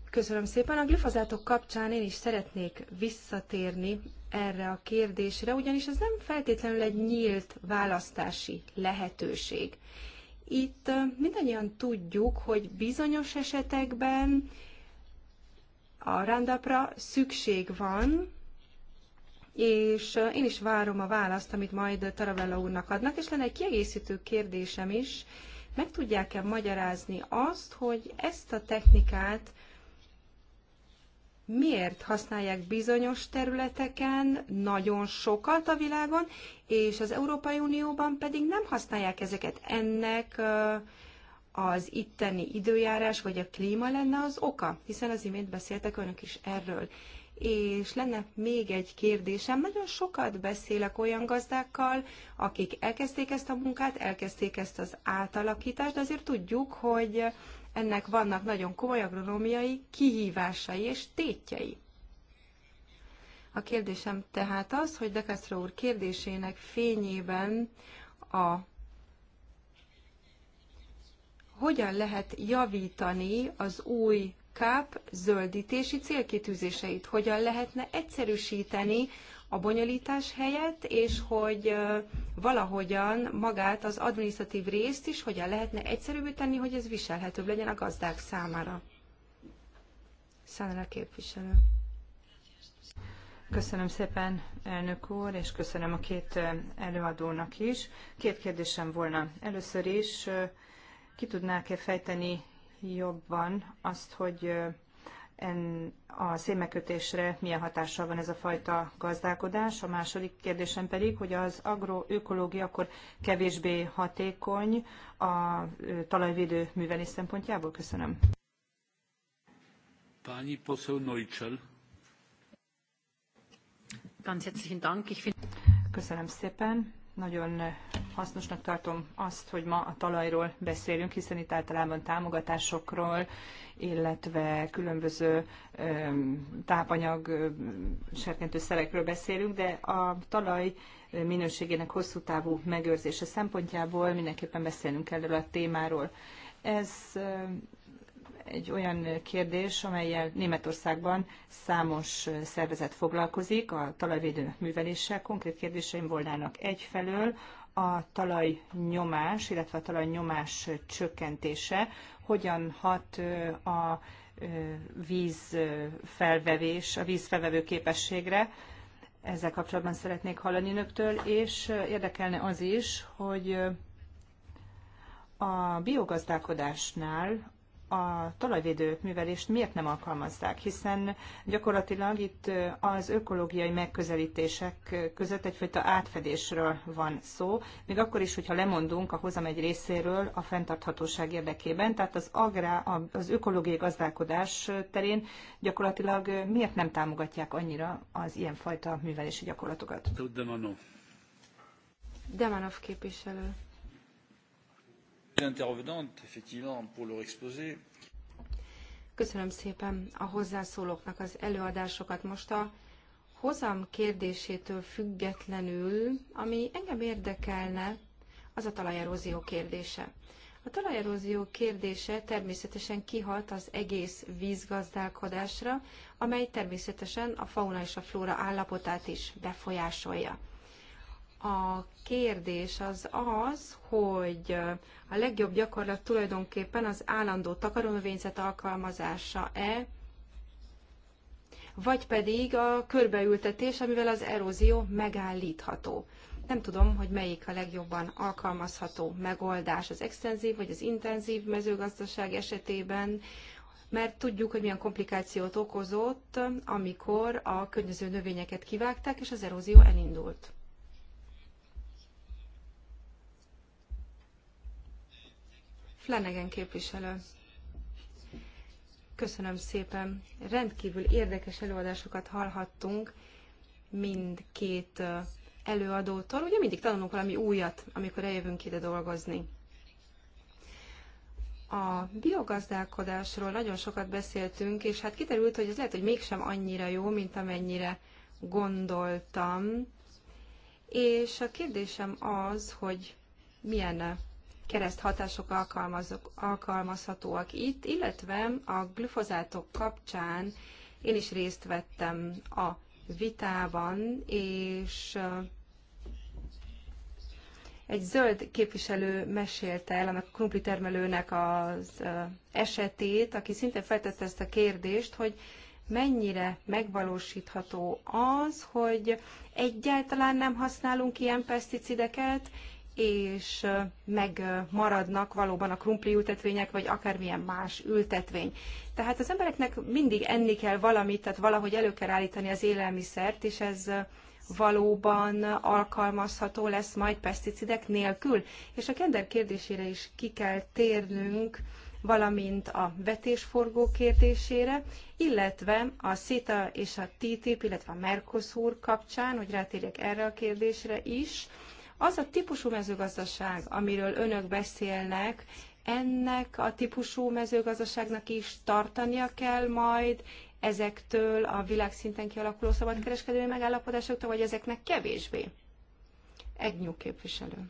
Köszönöm szépen. A glifozátok kapcsán én is szeretnék visszatérni erre a kérdésre, ugyanis ez nem feltétlenül egy nyílt választási lehetőség. Itt mindannyian tudjuk, hogy bizonyos esetekben a randapra szükség van, és én is várom a választ, amit majd Taravella úrnak adnak, és lenne egy kiegészítő kérdésem is, meg tudják-e magyarázni azt, hogy ezt a technikát miért használják bizonyos területeken nagyon sokat a világon, és az Európai Unióban pedig nem használják ezeket. Ennek az itteni időjárás vagy a klíma lenne az oka, hiszen az imént beszéltek önök is erről. És lenne még egy kérdésem. Nagyon sokat beszélek olyan gazdákkal, akik elkezdték ezt a munkát, elkezdték ezt az átalakítást, de azért tudjuk, hogy ennek vannak nagyon komoly agronómiai kihívásai és tétjei. A kérdésem tehát az, hogy De Castro úr kérdésének fényében a hogyan lehet javítani az új káp zöldítési célkitűzéseit, hogyan lehetne egyszerűsíteni a bonyolítás helyett, és hogy valahogyan magát az adminisztratív részt is hogyan lehetne egyszerűbbé tenni, hogy ez viselhetőbb legyen a gazdák számára. Szenele képviselő. Köszönöm szépen, elnök úr, és köszönöm a két előadónak is. Két kérdésem volna. Először is ki tudnák-e fejteni jobban azt, hogy en, a szémekötésre milyen hatással van ez a fajta gazdálkodás. A második kérdésem pedig, hogy az agroökológia akkor kevésbé hatékony a talajvédő művelés szempontjából? Köszönöm. Pani poseł Neuchel. Köszönöm szépen. Nagyon hasznosnak tartom azt, hogy ma a talajról beszélünk, hiszen itt általában támogatásokról, illetve különböző tápanyag serkentőszerekről szerekről beszélünk, de a talaj minőségének hosszú távú megőrzése szempontjából mindenképpen beszélnünk erről a témáról. Ez egy olyan kérdés, amelyel Németországban számos szervezet foglalkozik, a talajvédő műveléssel. Konkrét kérdéseim volnának egyfelől a talajnyomás, illetve a talajnyomás csökkentése hogyan hat a vízfelvevés, a vízfelvevő képességre. Ezzel kapcsolatban szeretnék hallani önöktől, és érdekelne az is, hogy a biogazdálkodásnál a talajvédő művelést miért nem alkalmazzák, hiszen gyakorlatilag itt az ökológiai megközelítések között egyfajta átfedésről van szó, még akkor is, hogyha lemondunk a hozam egy részéről a fenntarthatóság érdekében, tehát az, agrá, az ökológiai gazdálkodás terén gyakorlatilag miért nem támogatják annyira az ilyenfajta művelési gyakorlatokat? Demanov. képviselő. Köszönöm szépen a hozzászólóknak az előadásokat. Most a hozam kérdésétől függetlenül, ami engem érdekelne, az a talajerózió kérdése. A talajerózió kérdése természetesen kihat az egész vízgazdálkodásra, amely természetesen a fauna és a flóra állapotát is befolyásolja. A kérdés az az, hogy a legjobb gyakorlat tulajdonképpen az állandó takarónövényzet alkalmazása-e, vagy pedig a körbeültetés, amivel az erózió megállítható. Nem tudom, hogy melyik a legjobban alkalmazható megoldás az extenzív vagy az intenzív mezőgazdaság esetében, mert tudjuk, hogy milyen komplikációt okozott, amikor a környező növényeket kivágták, és az erózió elindult. Flanagan képviselő. Köszönöm szépen. Rendkívül érdekes előadásokat hallhattunk mindkét előadótól. Ugye mindig tanulunk valami újat, amikor eljövünk ide dolgozni. A biogazdálkodásról nagyon sokat beszéltünk, és hát kiderült, hogy ez lehet, hogy mégsem annyira jó, mint amennyire gondoltam. És a kérdésem az, hogy milyen kereszthatások alkalmazhatóak itt, illetve a glifozátok kapcsán én is részt vettem a vitában, és egy zöld képviselő mesélte el annak a termelőnek az esetét, aki szintén feltette ezt a kérdést, hogy mennyire megvalósítható az, hogy egyáltalán nem használunk ilyen peszticideket, és megmaradnak valóban a krumpli ültetvények, vagy akármilyen más ültetvény. Tehát az embereknek mindig enni kell valamit, tehát valahogy elő kell állítani az élelmiszert, és ez valóban alkalmazható lesz majd peszticidek nélkül. És a kender kérdésére is ki kell térnünk, valamint a vetésforgó kérdésére, illetve a CETA és a TTIP, illetve a Mercosur kapcsán, hogy rátérjek erre a kérdésre is, az a típusú mezőgazdaság, amiről önök beszélnek, ennek a típusú mezőgazdaságnak is tartania kell majd ezektől a világszinten kialakuló szabadkereskedelmi megállapodásoktól, vagy ezeknek kevésbé? Egnyú képviselő.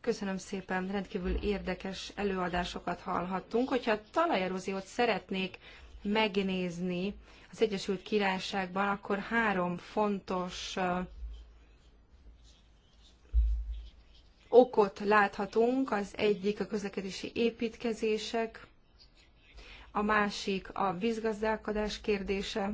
Köszönöm szépen, rendkívül érdekes előadásokat hallhattunk. Hogyha talajeróziót szeretnék megnézni, az Egyesült Királyságban, akkor három fontos okot láthatunk. Az egyik a közlekedési építkezések, a másik a vízgazdálkodás kérdése.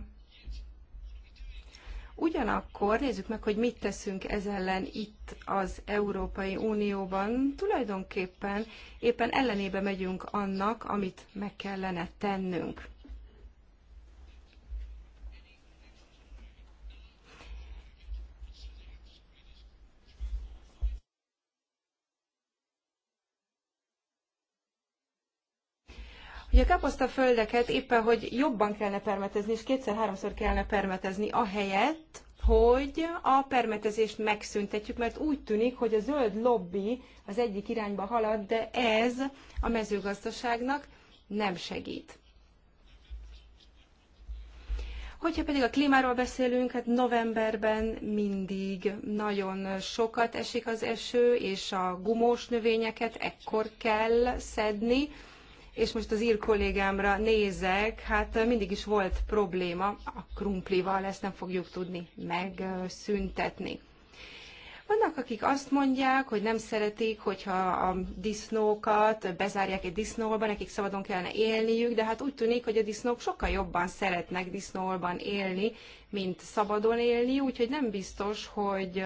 Ugyanakkor nézzük meg, hogy mit teszünk ez ellen itt az Európai Unióban. Tulajdonképpen éppen ellenébe megyünk annak, amit meg kellene tennünk. hogy a káposztaföldeket éppen, hogy jobban kellene permetezni, és kétszer-háromszor kellene permetezni a helyet, hogy a permetezést megszüntetjük, mert úgy tűnik, hogy a zöld lobby az egyik irányba halad, de ez a mezőgazdaságnak nem segít. Hogyha pedig a klímáról beszélünk, hát novemberben mindig nagyon sokat esik az eső, és a gumós növényeket ekkor kell szedni, és most az ír kollégámra nézek, hát mindig is volt probléma a krumplival, ezt nem fogjuk tudni megszüntetni. Vannak, akik azt mondják, hogy nem szeretik, hogyha a disznókat bezárják egy disznóban, nekik szabadon kellene élniük, de hát úgy tűnik, hogy a disznók sokkal jobban szeretnek disznóban élni, mint szabadon élni, úgyhogy nem biztos, hogy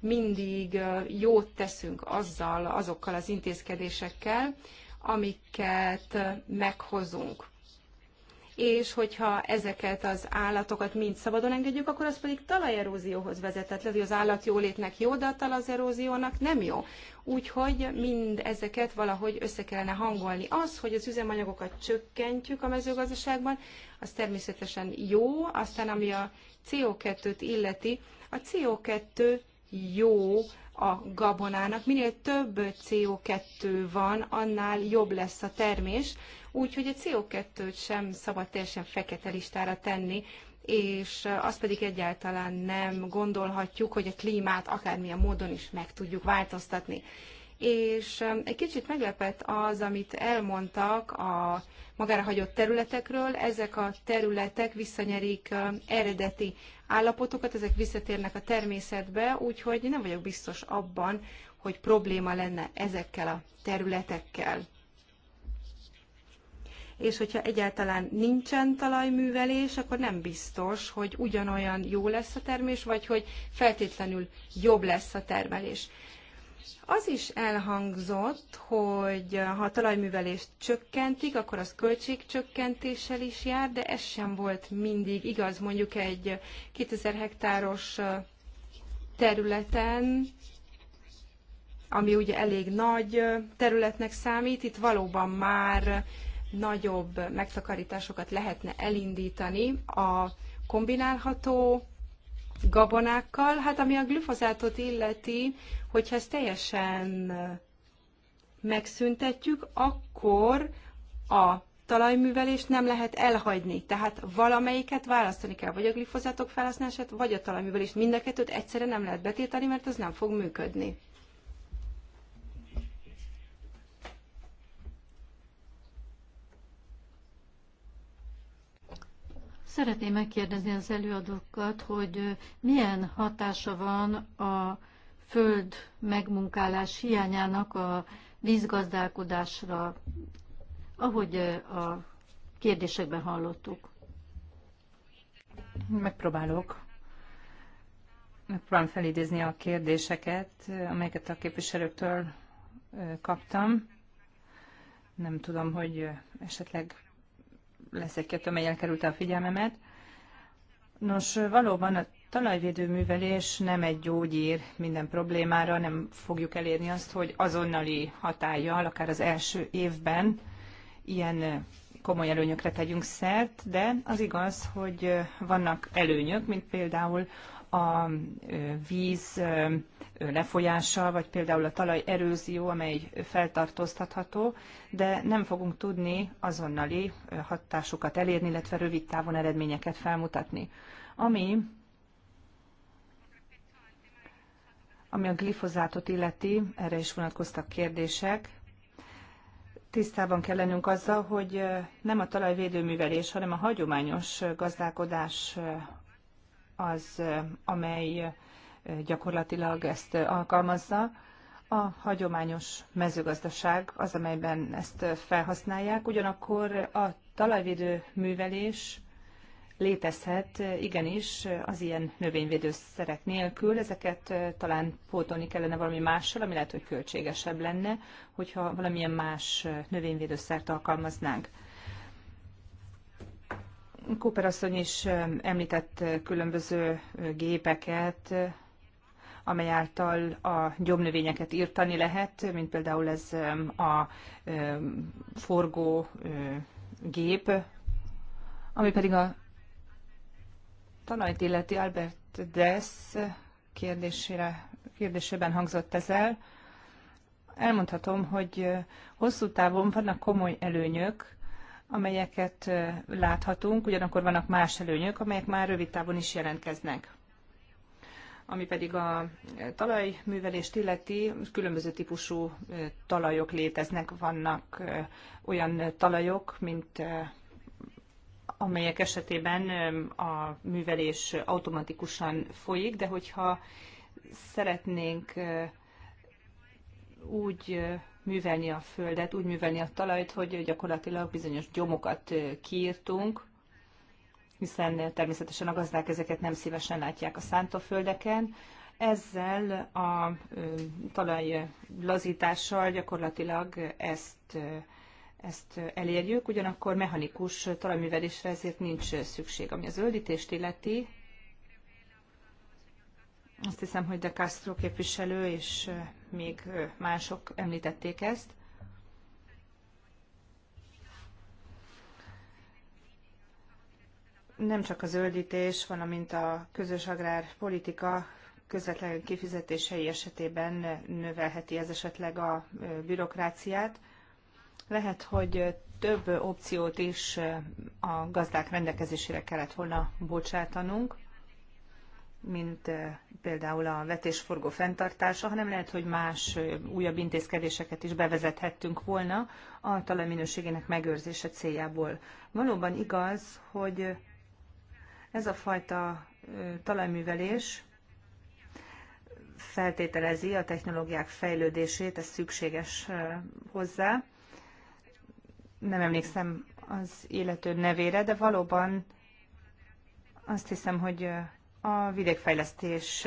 mindig jót teszünk azzal, azokkal az intézkedésekkel, amiket meghozunk és hogyha ezeket az állatokat mind szabadon engedjük, akkor az pedig talajerózióhoz vezetett. Lehet, hogy az állat jólétnek jó, de a talajeróziónak nem jó. Úgyhogy mind ezeket valahogy össze kellene hangolni. Az, hogy az üzemanyagokat csökkentjük a mezőgazdaságban, az természetesen jó, aztán ami a CO2-t illeti, a CO2 jó a gabonának. Minél több CO2 van, annál jobb lesz a termés, úgyhogy a CO2-t sem szabad teljesen fekete listára tenni, és azt pedig egyáltalán nem gondolhatjuk, hogy a klímát akármilyen módon is meg tudjuk változtatni és egy kicsit meglepett az, amit elmondtak a magára hagyott területekről. Ezek a területek visszanyerik eredeti állapotokat, ezek visszatérnek a természetbe, úgyhogy nem vagyok biztos abban, hogy probléma lenne ezekkel a területekkel. És hogyha egyáltalán nincsen talajművelés, akkor nem biztos, hogy ugyanolyan jó lesz a termés, vagy hogy feltétlenül jobb lesz a termelés. Az is elhangzott, hogy ha a talajművelést csökkentik, akkor az költségcsökkentéssel is jár, de ez sem volt mindig igaz. Mondjuk egy 2000 hektáros területen, ami ugye elég nagy területnek számít, itt valóban már nagyobb megtakarításokat lehetne elindítani a kombinálható gabonákkal. Hát ami a glifozátot illeti, hogyha ezt teljesen megszüntetjük, akkor a talajművelést nem lehet elhagyni. Tehát valamelyiket választani kell, vagy a glifozátok felhasználását, vagy a talajművelést. Mind a kettőt egyszerre nem lehet betiltani, mert az nem fog működni. Szeretném megkérdezni az előadókat, hogy milyen hatása van a föld megmunkálás hiányának a vízgazdálkodásra, ahogy a kérdésekben hallottuk. Megpróbálok. Megpróbálom felidézni a kérdéseket, amelyeket a képviselőktől kaptam. Nem tudom, hogy esetleg egy kettő, amely került a figyelmemet. Nos, valóban a művelés nem egy gyógyír minden problémára, nem fogjuk elérni azt, hogy azonnali hatállyal, akár az első évben ilyen komoly előnyökre tegyünk szert, de az igaz, hogy vannak előnyök, mint például a víz lefolyása, vagy például a talaj erőzió, amely feltartóztatható, de nem fogunk tudni azonnali hatásokat elérni, illetve rövid távon eredményeket felmutatni. Ami Ami a glifozátot illeti, erre is vonatkoztak kérdések. Tisztában kell lennünk azzal, hogy nem a talajvédőművelés, hanem a hagyományos gazdálkodás az, amely gyakorlatilag ezt alkalmazza. A hagyományos mezőgazdaság az, amelyben ezt felhasználják, ugyanakkor a talajvédő művelés létezhet igenis az ilyen növényvédőszerek nélkül. Ezeket talán pótolni kellene valami mással, ami lehet, hogy költségesebb lenne, hogyha valamilyen más növényvédőszert alkalmaznánk. Cooper asszony is említett különböző gépeket, amely által a gyomnövényeket írtani lehet, mint például ez a forgó gép, ami pedig a talajt illeti Albert Dess kérdésére, kérdésében hangzott el. Elmondhatom, hogy hosszú távon vannak komoly előnyök, amelyeket láthatunk, ugyanakkor vannak más előnyök, amelyek már rövid távon is jelentkeznek. Ami pedig a talajművelést illeti, különböző típusú talajok léteznek, vannak olyan talajok, mint amelyek esetében a művelés automatikusan folyik, de hogyha szeretnénk úgy művelni a földet, úgy művelni a talajt, hogy gyakorlatilag bizonyos gyomokat kiírtunk, hiszen természetesen a gazdák ezeket nem szívesen látják a szántóföldeken. Ezzel a talaj lazítással gyakorlatilag ezt, ezt elérjük, ugyanakkor mechanikus talajművelésre ezért nincs szükség. Ami az öldítést illeti, azt hiszem, hogy de Castro képviselő és még mások említették ezt. Nem csak a zöldítés, valamint a közös agrárpolitika közvetlen kifizetései esetében növelheti ez esetleg a bürokráciát. Lehet, hogy több opciót is a gazdák rendelkezésére kellett volna bocsátanunk mint például a vetésforgó fenntartása, hanem lehet, hogy más újabb intézkedéseket is bevezethettünk volna a talajminőségének megőrzése céljából. Valóban igaz, hogy ez a fajta talajművelés feltételezi a technológiák fejlődését, ez szükséges hozzá. Nem emlékszem az illető nevére, de valóban azt hiszem, hogy a vidékfejlesztés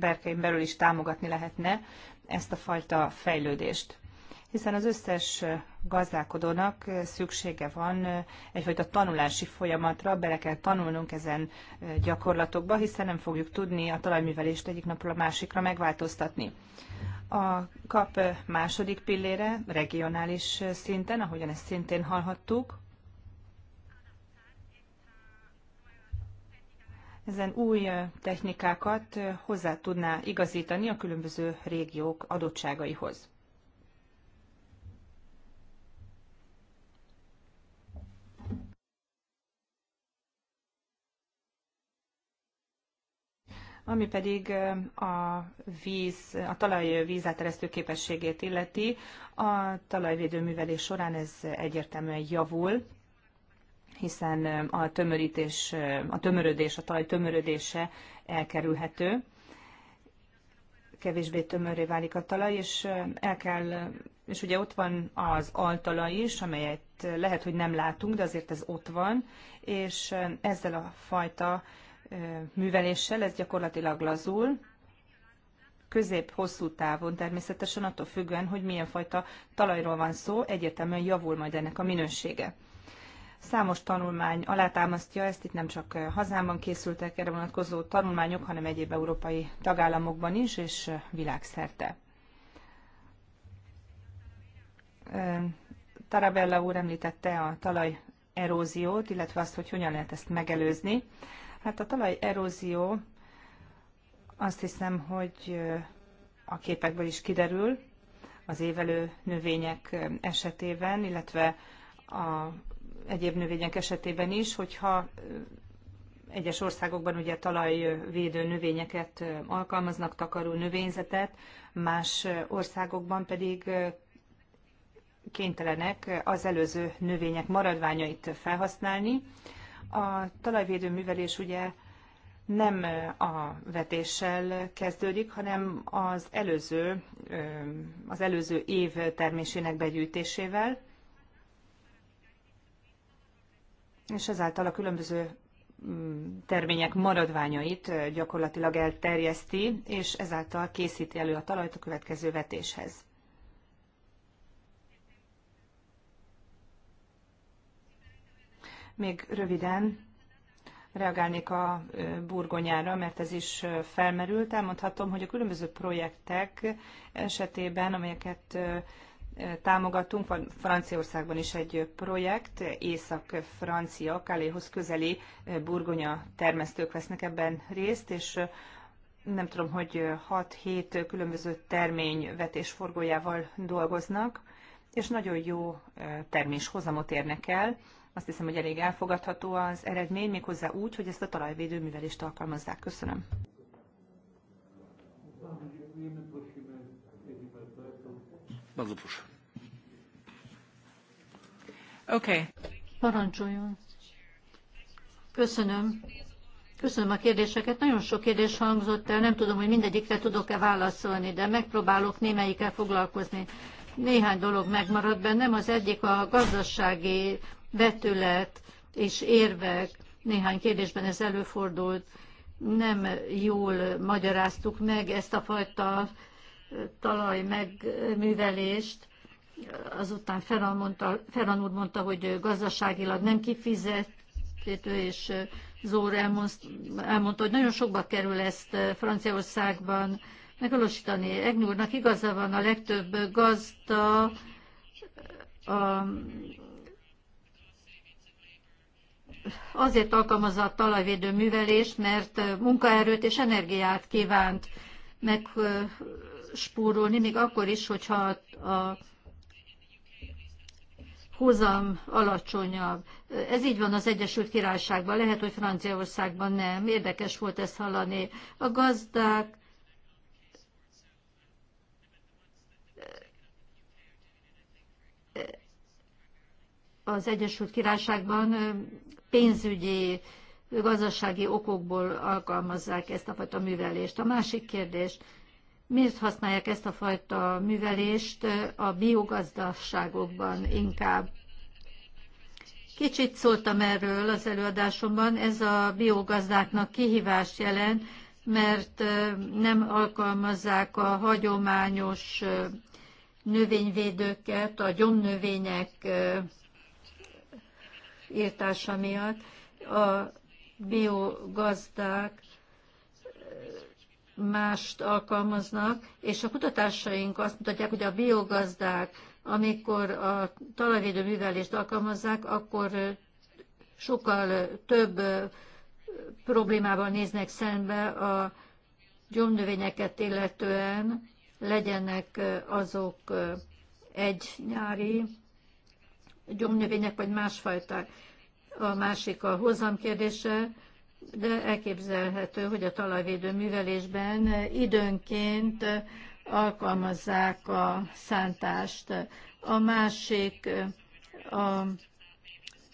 berkein belül is támogatni lehetne ezt a fajta fejlődést. Hiszen az összes gazdálkodónak szüksége van egyfajta tanulási folyamatra, bele kell tanulnunk ezen gyakorlatokba, hiszen nem fogjuk tudni a talajművelést egyik napról a másikra megváltoztatni. A kap második pillére regionális szinten, ahogyan ezt szintén hallhattuk, ezen új technikákat hozzá tudná igazítani a különböző régiók adottságaihoz. ami pedig a víz, a talaj vízáteresztő képességét illeti, a talajvédőművelés során ez egyértelműen javul, hiszen a tömörítés, a tömörödés, a talaj tömörödése elkerülhető. Kevésbé tömörré válik a talaj, és el kell, és ugye ott van az altala is, amelyet lehet, hogy nem látunk, de azért ez ott van, és ezzel a fajta műveléssel ez gyakorlatilag lazul, közép-hosszú távon természetesen attól függően, hogy milyen fajta talajról van szó, egyértelműen javul majd ennek a minősége. Számos tanulmány alátámasztja ezt, itt nem csak eh, hazámban készültek erre vonatkozó tanulmányok, hanem egyéb európai tagállamokban is, és eh, világszerte. Tarabella úr említette a talaj eróziót, illetve azt, hogy hogyan lehet ezt megelőzni. Hát a talaj erózió azt hiszem, hogy eh, a képekből is kiderül az évelő növények esetében, illetve a egyéb növények esetében is, hogyha egyes országokban ugye talajvédő növényeket alkalmaznak, takaró növényzetet, más országokban pedig kénytelenek az előző növények maradványait felhasználni. A talajvédő művelés ugye nem a vetéssel kezdődik, hanem az előző, az előző év termésének begyűjtésével, és ezáltal a különböző mm, termények maradványait gyakorlatilag elterjeszti, és ezáltal készíti elő a talajt a következő vetéshez. Még röviden reagálnék a burgonyára, mert ez is felmerült. Elmondhatom, hogy a különböző projektek esetében, amelyeket támogatunk. Van Franciaországban is egy projekt, Észak-Francia, Kaléhoz közeli eh, burgonya termesztők vesznek ebben részt, és eh, nem tudom, hogy 6-7 különböző termény vetésforgójával dolgoznak, és nagyon jó eh, terméshozamot érnek el. Azt hiszem, hogy elég elfogadható az eredmény, méghozzá úgy, hogy ezt a talajvédőművelést alkalmazzák. Köszönöm. Bardzo proszę. Parancsoljon. Köszönöm. Köszönöm a kérdéseket. Nagyon sok kérdés hangzott el, nem tudom, hogy mindegyikre tudok-e válaszolni, de megpróbálok némelyikkel foglalkozni. Néhány dolog megmaradt bennem, az egyik a gazdasági vetület és érvek. Néhány kérdésben ez előfordult. Nem jól magyaráztuk meg ezt a fajta talaj megművelést, azután Ferran, mondta, Ferran úr mondta, hogy gazdaságilag nem kifizető, és Zór elmondta, hogy nagyon sokba kerül ezt Franciaországban Egnő úrnak igaza van, a legtöbb gazda a, azért alkalmazza a talajvédő művelést, mert munkaerőt és energiát kívánt meg spórolni, még akkor is, hogyha a hozam alacsonyabb. Ez így van az Egyesült Királyságban, lehet, hogy Franciaországban nem. Érdekes volt ezt hallani. A gazdák az Egyesült Királyságban pénzügyi, gazdasági okokból alkalmazzák ezt a fajta művelést. A másik kérdés, miért használják ezt a fajta művelést a biogazdaságokban inkább? Kicsit szóltam erről az előadásomban, ez a biogazdáknak kihívást jelent, mert nem alkalmazzák a hagyományos növényvédőket a gyomnövények írtása miatt. A biogazdák mást alkalmaznak, és a kutatásaink azt mutatják, hogy a biogazdák, amikor a talajvédő művelést alkalmazzák, akkor sokkal több problémával néznek szembe a gyomnövényeket illetően, legyenek azok egy nyári gyomnövények, vagy másfajták. A másik a hozam kérdése, de elképzelhető, hogy a talajvédő művelésben időnként alkalmazzák a szántást. A másik a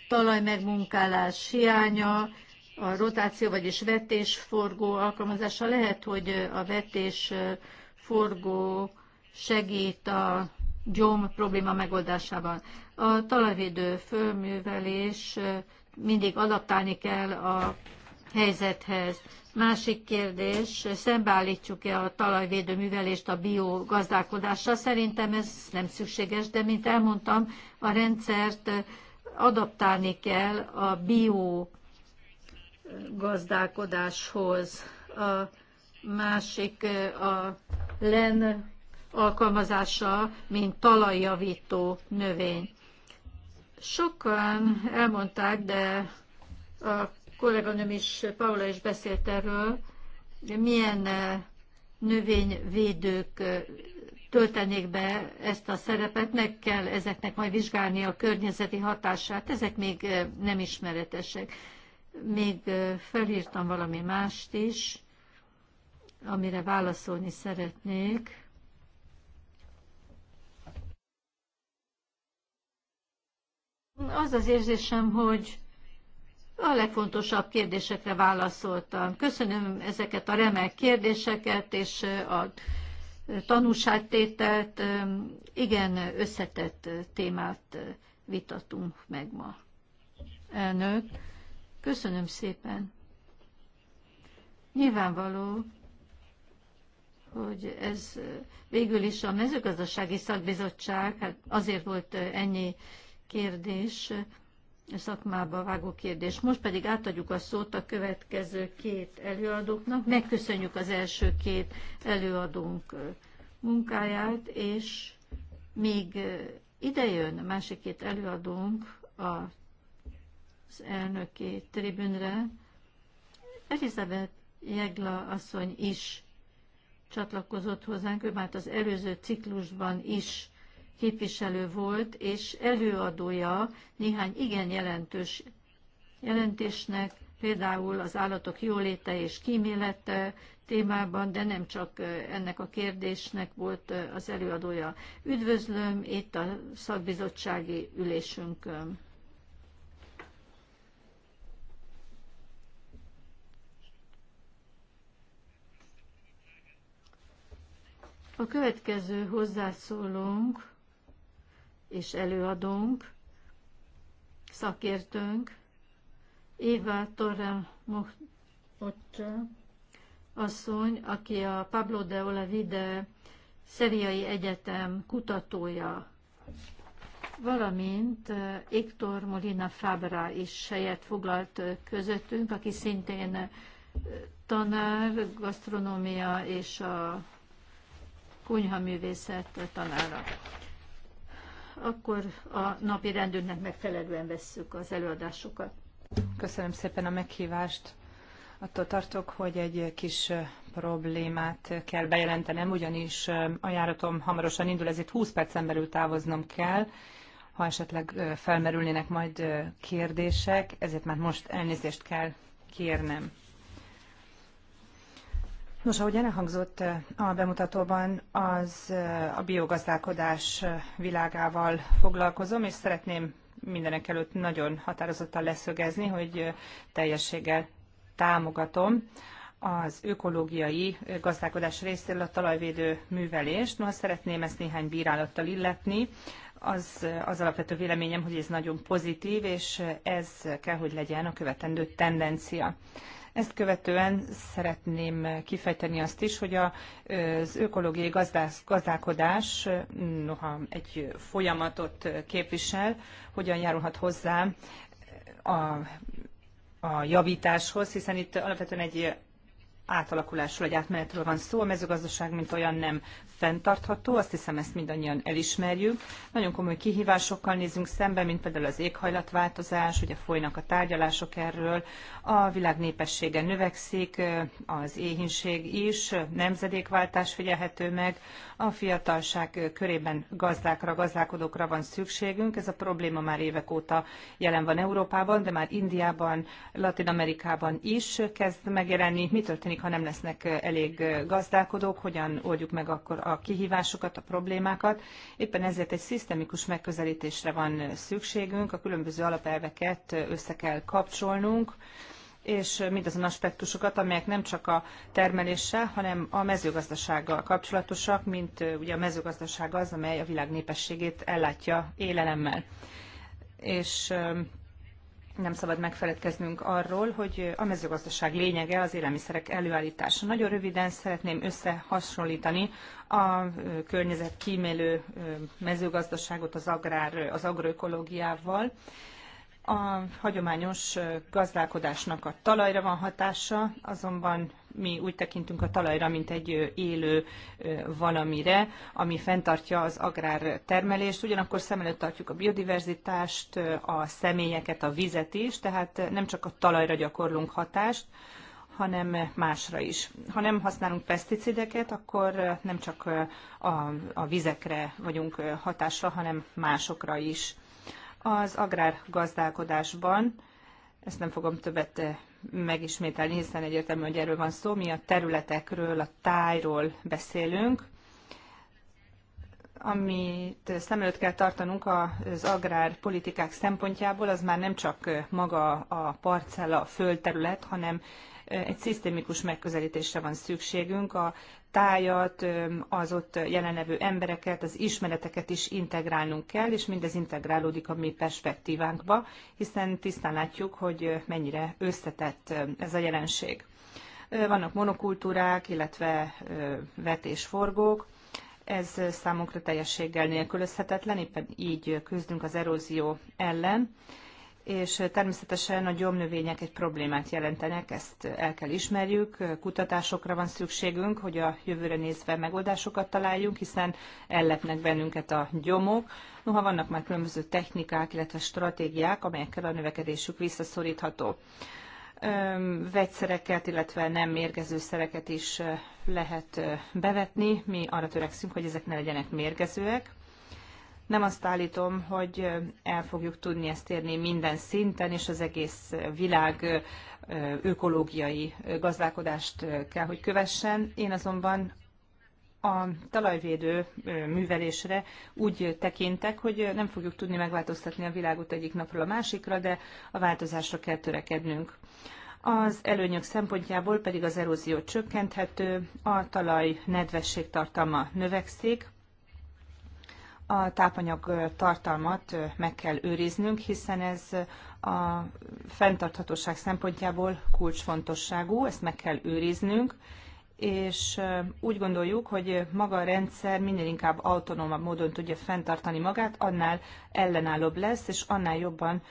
talajmegmunkálás hiánya, a rotáció, vagyis vetésforgó alkalmazása. Lehet, hogy a vetésforgó segít a gyom probléma megoldásában. A talajvédő fölművelés mindig adaptálni kell a helyzethez. Másik kérdés, szembeállítjuk-e a talajvédő művelést a biogazdálkodással? Szerintem ez nem szükséges, de mint elmondtam, a rendszert adaptálni kell a bio gazdálkodáshoz. A másik a len alkalmazása, mint talajjavító növény. Sokan elmondták, de a kolléganőm is, Paula is beszélt erről, milyen eh, növényvédők eh, töltenék be ezt a szerepet, meg kell ezeknek majd vizsgálni a környezeti hatását, ezek még eh, nem ismeretesek. Még felírtam valami mást is, amire válaszolni szeretnék. Az az érzésem, hogy a legfontosabb kérdésekre válaszoltam. Köszönöm ezeket a remek kérdéseket és a tanúságtételt. Igen, összetett témát vitatunk meg ma. Elnök, köszönöm szépen. Nyilvánvaló, hogy ez végül is a mezőgazdasági szakbizottság, hát azért volt ennyi kérdés, szakmába vágó kérdés. Most pedig átadjuk a szót a következő két előadóknak. Megköszönjük az első két előadónk munkáját, és még idejön a másik két előadónk az elnöki tribünre. Elizabeth Jegla asszony is csatlakozott hozzánk, ő már az előző ciklusban is képviselő volt, és előadója néhány igen jelentős jelentésnek, például az állatok jóléte és kímélete témában, de nem csak ennek a kérdésnek volt az előadója. Üdvözlöm itt a szakbizottsági ülésünkön. A következő hozzászólónk és előadónk, szakértőnk, Éva Torre Mocsa asszony, aki a Pablo de Olavide Szeviai Egyetem kutatója, valamint eh, Héctor Molina Fabra is helyet foglalt eh, közöttünk, aki szintén eh, tanár, gasztronómia és a kunyhaművészet tanára akkor a napi rendünknek megfelelően vesszük az előadásokat. Köszönöm szépen a meghívást. Attól tartok, hogy egy kis problémát kell bejelentenem, ugyanis a járatom hamarosan indul, ezért 20 percen belül távoznom kell, ha esetleg felmerülnének majd kérdések, ezért már most elnézést kell kérnem. Nos, ahogy elhangzott eh, a bemutatóban, az eh, a biogazdálkodás eh, világával foglalkozom, és szeretném mindenek előtt nagyon határozottan leszögezni, hogy teljességgel támogatom az ökológiai gazdálkodás részéről a talajvédő művelést. Noha szeretném ezt néhány bírálattal illetni. Az, az alapvető véleményem, hogy ez nagyon pozitív, és ez kell, hogy legyen a követendő tendencia. Ezt követően szeretném kifejteni azt is, hogy az ökológiai gazdálkodás, noha egy folyamatot képvisel, hogyan járulhat hozzá a, a javításhoz, hiszen itt alapvetően egy átalakulásról, egy átmenetről van szó, a mezőgazdaság mint olyan nem fenntartható, azt hiszem ezt mindannyian elismerjük. Nagyon komoly kihívásokkal nézünk szembe, mint például az éghajlatváltozás, ugye folynak a tárgyalások erről, a világ népessége növekszik, az éhínség is, nemzedékváltás figyelhető meg, a fiatalság körében gazdákra, gazdálkodókra van szükségünk, ez a probléma már évek óta jelen van Európában, de már Indiában, Latin Amerikában is kezd megjelenni. Mi történik, ha nem lesznek elég gazdálkodók, hogyan oldjuk meg akkor a a kihívásokat, a problémákat. Éppen ezért egy szisztemikus megközelítésre van szükségünk, a különböző alapelveket össze kell kapcsolnunk, és mindazon aspektusokat, amelyek nem csak a termeléssel, hanem a mezőgazdasággal kapcsolatosak, mint ugye a mezőgazdaság az, amely a világ népességét ellátja élelemmel. És nem szabad megfeledkeznünk arról, hogy a mezőgazdaság lényege az élelmiszerek előállítása. Nagyon röviden szeretném összehasonlítani a környezet kímélő mezőgazdaságot az, agrár, az agroökológiával. A hagyományos gazdálkodásnak a talajra van hatása, azonban mi úgy tekintünk a talajra, mint egy élő valamire, ami fenntartja az agrártermelést, ugyanakkor szem előtt tartjuk a biodiverzitást, a személyeket, a vizet is, tehát nem csak a talajra gyakorlunk hatást, hanem másra is. Ha nem használunk peszticideket, akkor nem csak a, a vizekre vagyunk hatásra, hanem másokra is. Az agrárgazdálkodásban ezt nem fogom többet eh, megismételni, hiszen egyértelmű, hogy erről van szó. Mi a területekről, a tájról beszélünk, amit szem előtt kell tartanunk az agrárpolitikák szempontjából, az már nem csak eh, maga a parcella, a földterület, hanem eh, egy szisztémikus megközelítésre van szükségünk a tájat, az ott jelenlevő embereket, az ismereteket is integrálnunk kell, és mindez integrálódik a mi perspektívánkba, hiszen tisztán látjuk, hogy mennyire összetett ez a jelenség. Vannak monokultúrák, illetve vetésforgók, ez számunkra teljességgel nélkülözhetetlen, éppen így küzdünk az erózió ellen és eh, természetesen a gyomnövények egy problémát jelentenek, ezt eh, el kell ismerjük, eh, kutatásokra van szükségünk, hogy a jövőre nézve megoldásokat találjunk, hiszen ellepnek bennünket a gyomok. Noha vannak már különböző technikák, illetve stratégiák, amelyekkel a növekedésük visszaszorítható. Vegyszereket, illetve nem mérgező szereket is lehet bevetni. Mi arra törekszünk, hogy ezek ne legyenek mérgezőek nem azt állítom, hogy el fogjuk tudni ezt érni minden szinten, és az egész világ ökológiai gazdálkodást kell, hogy kövessen. Én azonban a talajvédő művelésre úgy tekintek, hogy nem fogjuk tudni megváltoztatni a világot egyik napról a másikra, de a változásra kell törekednünk. Az előnyök szempontjából pedig az erózió csökkenthető, a talaj nedvesség tartalma növekszik, a tápanyag tartalmat meg kell őriznünk, hiszen ez a fenntarthatóság szempontjából kulcsfontosságú, ezt meg kell őriznünk, és úgy gondoljuk, hogy maga a rendszer minél inkább autonómabb módon tudja fenntartani magát, annál ellenállóbb lesz, és annál jobban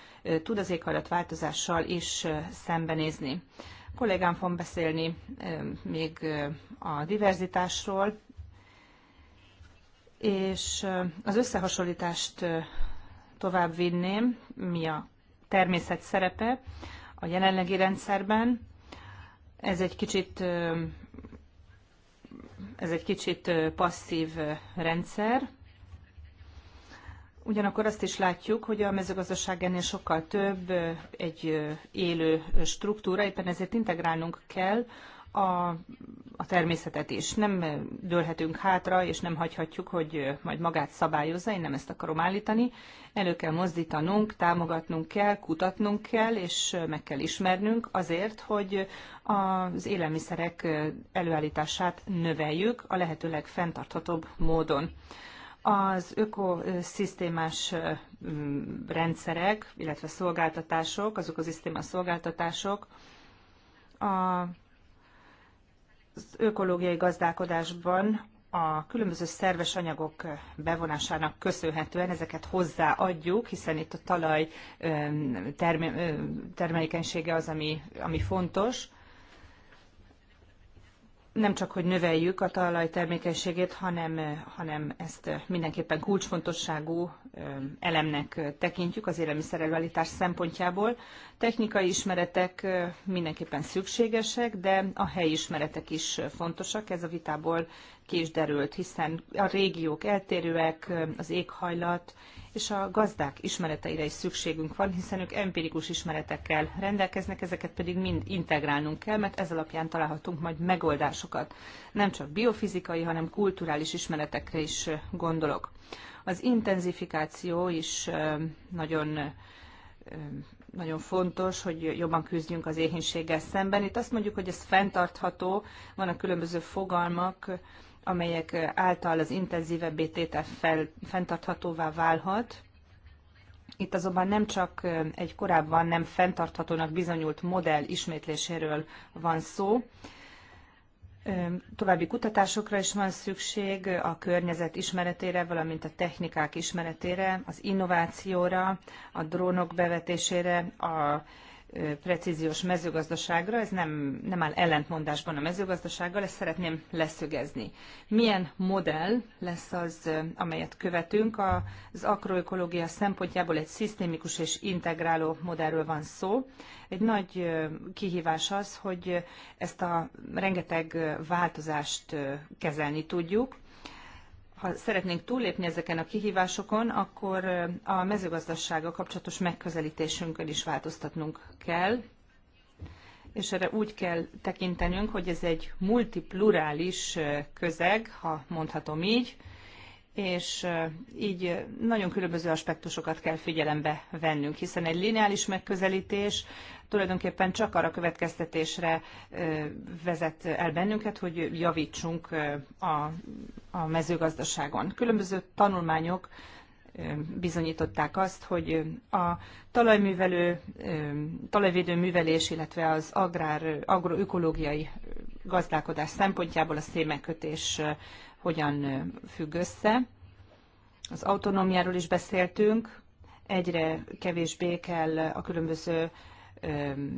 tud az éghajlatváltozással is szembenézni. A kollégám fog beszélni még a diverzitásról, és az összehasonlítást tovább vinném, mi a természet szerepe a jelenlegi rendszerben. Ez egy kicsit ez egy kicsit passzív rendszer. Ugyanakkor azt is látjuk, hogy a mezőgazdaság ennél sokkal több, egy élő struktúra, éppen ezért integrálnunk kell a, a természetet is. Nem dőlhetünk hátra, és nem hagyhatjuk, hogy majd magát szabályozza, én nem ezt akarom állítani. Elő kell mozdítanunk, támogatnunk kell, kutatnunk kell, és meg kell ismernünk azért, hogy az élelmiszerek előállítását növeljük a lehető legfenntarthatóbb módon az ökoszisztémás rendszerek, illetve szolgáltatások, az ökoszisztéma szolgáltatások a ökológiai gazdálkodásban a különböző szerves anyagok bevonásának köszönhetően ezeket hozzáadjuk, hiszen itt a talaj termelékenysége az, ami, ami fontos, nem csak, hogy növeljük a talaj termékenységét, hanem, hanem ezt mindenképpen kulcsfontosságú elemnek tekintjük az élelmiszerelőállítás szempontjából. Technikai ismeretek mindenképpen szükségesek, de a helyi ismeretek is fontosak. Ez a vitából ki is derült, hiszen a régiók eltérőek, az éghajlat és a gazdák ismereteire is szükségünk van, hiszen ők empirikus ismeretekkel rendelkeznek, ezeket pedig mind integrálnunk kell, mert ez alapján találhatunk majd megoldásokat. Nem csak biofizikai, hanem kulturális ismeretekre is gondolok. Az intenzifikáció is nagyon nagyon fontos, hogy jobban küzdjünk az éhénységgel szemben. Itt azt mondjuk, hogy ez fenntartható, vannak különböző fogalmak, amelyek által az intenzívebb tétel fel, fenntarthatóvá válhat. Itt azonban nem csak egy korábban nem fenntarthatónak bizonyult modell ismétléséről van szó, További kutatásokra is van szükség, a környezet ismeretére, valamint a technikák ismeretére, az innovációra, a drónok bevetésére, a precíziós mezőgazdaságra, ez nem, nem áll ellentmondásban a mezőgazdasággal, ezt szeretném leszögezni. Milyen modell lesz az, amelyet követünk? Az akroökológia szempontjából egy szisztémikus és integráló modellről van szó. Egy nagy kihívás az, hogy ezt a rengeteg változást kezelni tudjuk, ha szeretnénk túllépni ezeken a kihívásokon, akkor a mezőgazdasággal kapcsolatos megközelítésünkön is változtatnunk kell, és erre úgy kell tekintenünk, hogy ez egy multiplurális közeg, ha mondhatom így, és így nagyon különböző aspektusokat kell figyelembe vennünk, hiszen egy lineális megközelítés tulajdonképpen csak arra következtetésre vezet el bennünket, hogy javítsunk a, a mezőgazdaságon. Különböző tanulmányok bizonyították azt, hogy a talajművelő, talajvédő művelés, illetve az agrár, agroökológiai gazdálkodás szempontjából a szémekötés hogyan függ össze. Az autonómiáról is beszéltünk, egyre kevésbé kell a különböző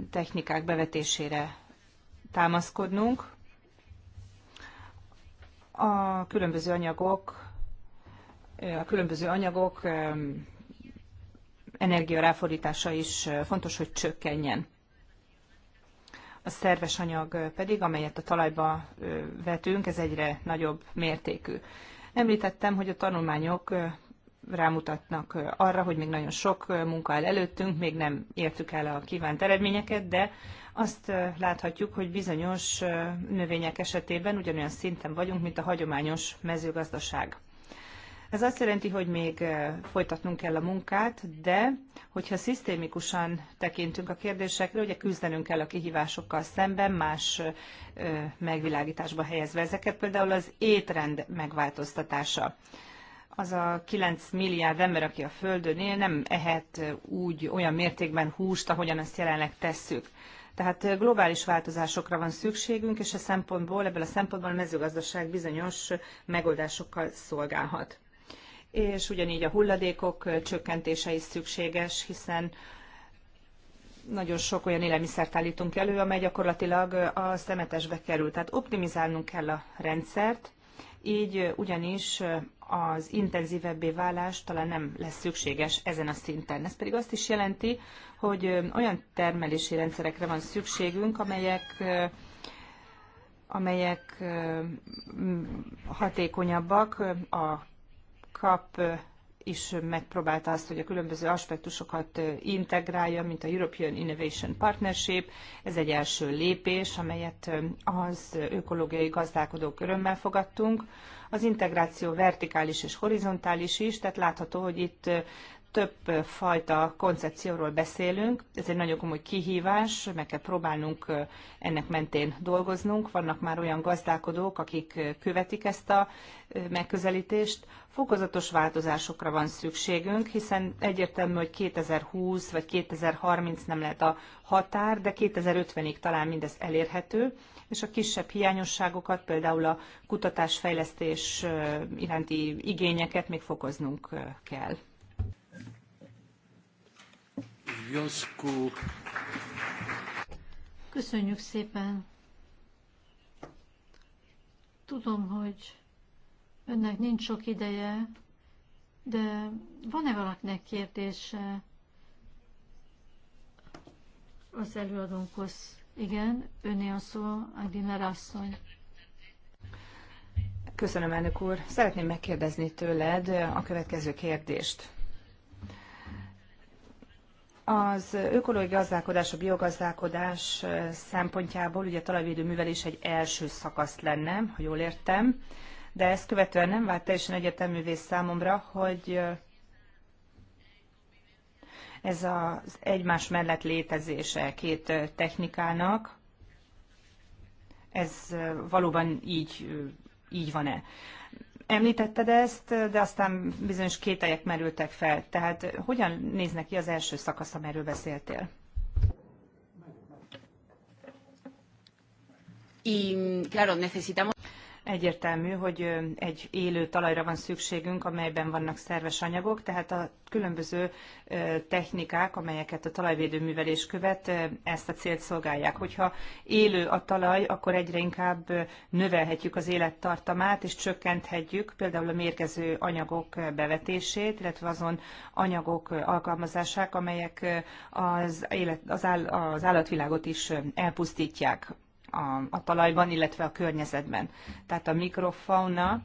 technikák bevetésére támaszkodnunk. A különböző anyagok, a különböző anyagok energiaráfordítása is fontos, hogy csökkenjen. A szerves anyag pedig, amelyet a talajba vetünk, ez egyre nagyobb mértékű. Említettem, hogy a tanulmányok rámutatnak arra, hogy még nagyon sok munka áll előttünk, még nem értük el a kívánt eredményeket, de azt láthatjuk, hogy bizonyos növények esetében ugyanolyan szinten vagyunk, mint a hagyományos mezőgazdaság. Ez azt jelenti, hogy még folytatnunk kell a munkát, de hogyha szisztémikusan tekintünk a kérdésekre, ugye küzdenünk kell a kihívásokkal szemben, más megvilágításba helyezve ezeket, például az étrend megváltoztatása az a 9 milliárd ember, aki a Földön él, nem ehet úgy olyan mértékben húst, ahogyan ezt jelenleg tesszük. Tehát globális változásokra van szükségünk, és a e szempontból, ebből a szempontból a mezőgazdaság bizonyos megoldásokkal szolgálhat. És ugyanígy a hulladékok csökkentése is szükséges, hiszen nagyon sok olyan élelmiszert állítunk elő, amely gyakorlatilag a szemetesbe kerül. Tehát optimizálnunk kell a rendszert, így ugyanis az intenzívebbé válás talán nem lesz szükséges ezen a szinten. Ez pedig azt is jelenti, hogy olyan termelési rendszerekre van szükségünk, amelyek amelyek hatékonyabbak a kap is megpróbálta azt, hogy a különböző aspektusokat integrálja, mint a European Innovation Partnership. Ez egy első lépés, amelyet az ökológiai gazdálkodók örömmel fogadtunk. Az integráció vertikális és horizontális is, tehát látható, hogy itt több fajta koncepcióról beszélünk, ez egy nagyon komoly kihívás, meg kell próbálnunk ennek mentén dolgoznunk. Vannak már olyan gazdálkodók, akik követik ezt a megközelítést. Fokozatos változásokra van szükségünk, hiszen egyértelmű, hogy 2020 vagy 2030 nem lehet a határ, de 2050-ig talán mindez elérhető, és a kisebb hiányosságokat, például a kutatásfejlesztés iránti igényeket még fokoznunk kell. Köszönjük szépen! Tudom, hogy önnek nincs sok ideje, de van-e valakinek kérdése az előadónkhoz? Igen, öné a szó, Agdina Rasszony. Köszönöm, elnök úr. Szeretném megkérdezni tőled a következő kérdést. Az ökológiai gazdálkodás, a biogazdálkodás szempontjából ugye a talajvédő művelés egy első szakasz lenne, ha jól értem, de ezt követően nem vált teljesen egyeteművé számomra, hogy ez az egymás mellett létezése két technikának, ez valóban így, így van-e. Említetted ezt, de aztán bizonyos kételyek merültek fel. Tehát hogyan néznek neki az első szakasz, amiről beszéltél? Y claro, necesitamos... Egyértelmű, hogy egy élő talajra van szükségünk, amelyben vannak szerves anyagok, tehát a különböző technikák, amelyeket a talajvédőművelés követ, ezt a célt szolgálják. Hogyha élő a talaj, akkor egyre inkább növelhetjük az élettartamát, és csökkenthetjük például a mérgező anyagok bevetését, illetve azon anyagok alkalmazását, amelyek az, élet, az, áll, az állatvilágot is elpusztítják a, a talajban, illetve a környezetben. Tehát a mikrofauna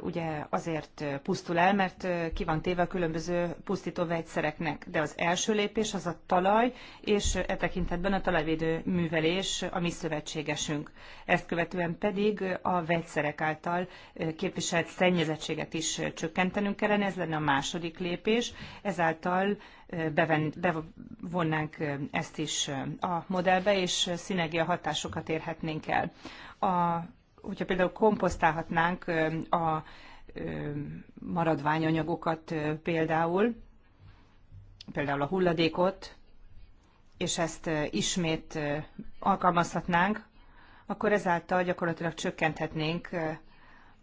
ugye azért pusztul el, mert ki van téve a különböző pusztító vegyszereknek. De az első lépés az a talaj, és e tekintetben a talajvédő művelés a mi szövetségesünk. Ezt követően pedig a vegyszerek által képviselt szennyezettséget is csökkentenünk kellene, ez lenne a második lépés, ezáltal beven, bevonnánk ezt is a modellbe, és szinergia hatásokat érhetnénk el. A hogyha például komposztálhatnánk a maradványanyagokat például, például a hulladékot, és ezt ismét alkalmazhatnánk, akkor ezáltal gyakorlatilag csökkenthetnénk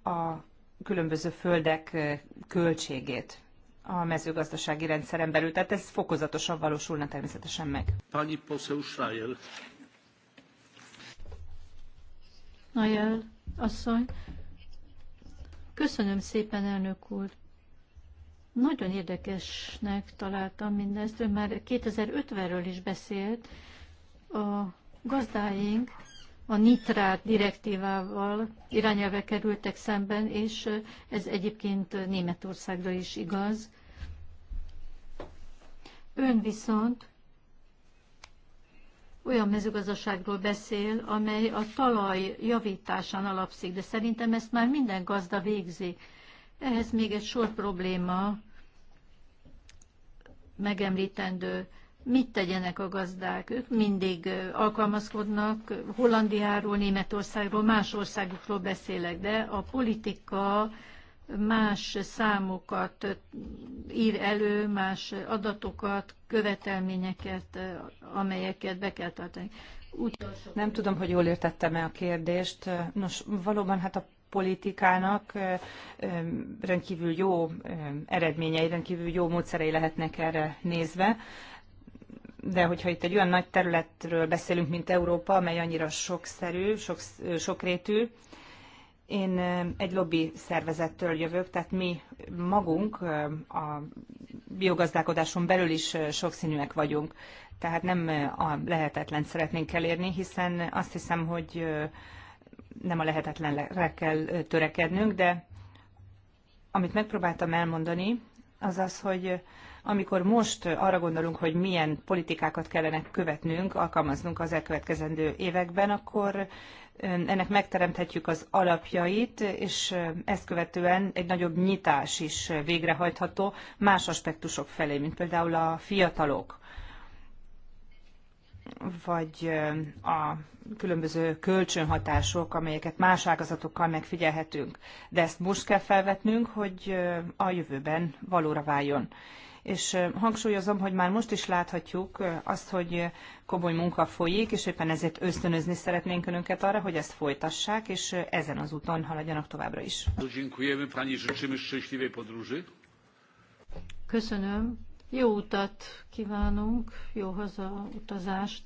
a különböző földek költségét a mezőgazdasági rendszeren belül. Tehát ez fokozatosan valósulna természetesen meg. Pani poseł Schreier. Najel asszony. Köszönöm szépen, elnök úr. Nagyon érdekesnek találtam mindezt. Ön már 2050-ről is beszélt. A gazdáink a nitrát direktívával irányelve kerültek szemben, és ez egyébként Németországra is igaz. Ön viszont olyan mezőgazdaságról beszél, amely a talaj javításán alapszik, de szerintem ezt már minden gazda végzi. Ehhez még egy sor probléma megemlítendő. Mit tegyenek a gazdák? Ők mindig alkalmazkodnak, Hollandiáról, Németországról, más országokról beszélek, de a politika más számokat ír elő, más adatokat, követelményeket, amelyeket be kell tartani. Utolsó. Nem tudom, hogy jól értettem-e a kérdést. Nos, valóban hát a politikának rendkívül jó eredményei, rendkívül jó módszerei lehetnek erre nézve de hogyha itt egy olyan nagy területről beszélünk, mint Európa, amely annyira sokszerű, sok, sokrétű, én egy lobby szervezettől jövök, tehát mi magunk a biogazdálkodáson belül is sokszínűek vagyunk. Tehát nem a lehetetlen szeretnénk elérni, hiszen azt hiszem, hogy nem a lehetetlenre kell törekednünk, de amit megpróbáltam elmondani, az az, hogy amikor most arra gondolunk, hogy milyen politikákat kellene követnünk, alkalmaznunk az elkövetkezendő években, akkor ennek megteremthetjük az alapjait, és ezt követően egy nagyobb nyitás is végrehajtható más aspektusok felé, mint például a fiatalok vagy a különböző kölcsönhatások, amelyeket más ágazatokkal megfigyelhetünk. De ezt most kell felvetnünk, hogy a jövőben valóra váljon. És hangsúlyozom, hogy már most is láthatjuk azt, hogy komoly munka folyik, és éppen ezért ösztönözni szeretnénk önöket arra, hogy ezt folytassák, és ezen az úton haladjanak továbbra is. Köszönöm. Jó utat kívánunk, jó hazautazást.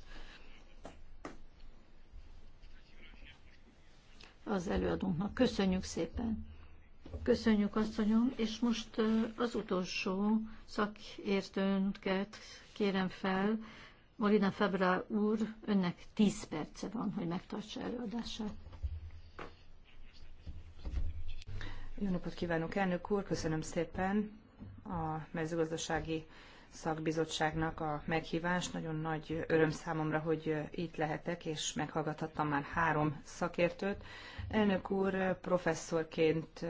az előadónknak. Köszönjük szépen! Köszönjük, asszonyom, és most az utolsó szakértőnket kérem fel. Molina Febra úr, önnek 10 perce van, hogy megtartsa előadását. Jó napot kívánok, elnök úr! Köszönöm szépen a mezőgazdasági szakbizottságnak a meghívást. Nagyon nagy öröm számomra, hogy itt lehetek, és meghallgathattam már három szakértőt. Elnök úr professzorként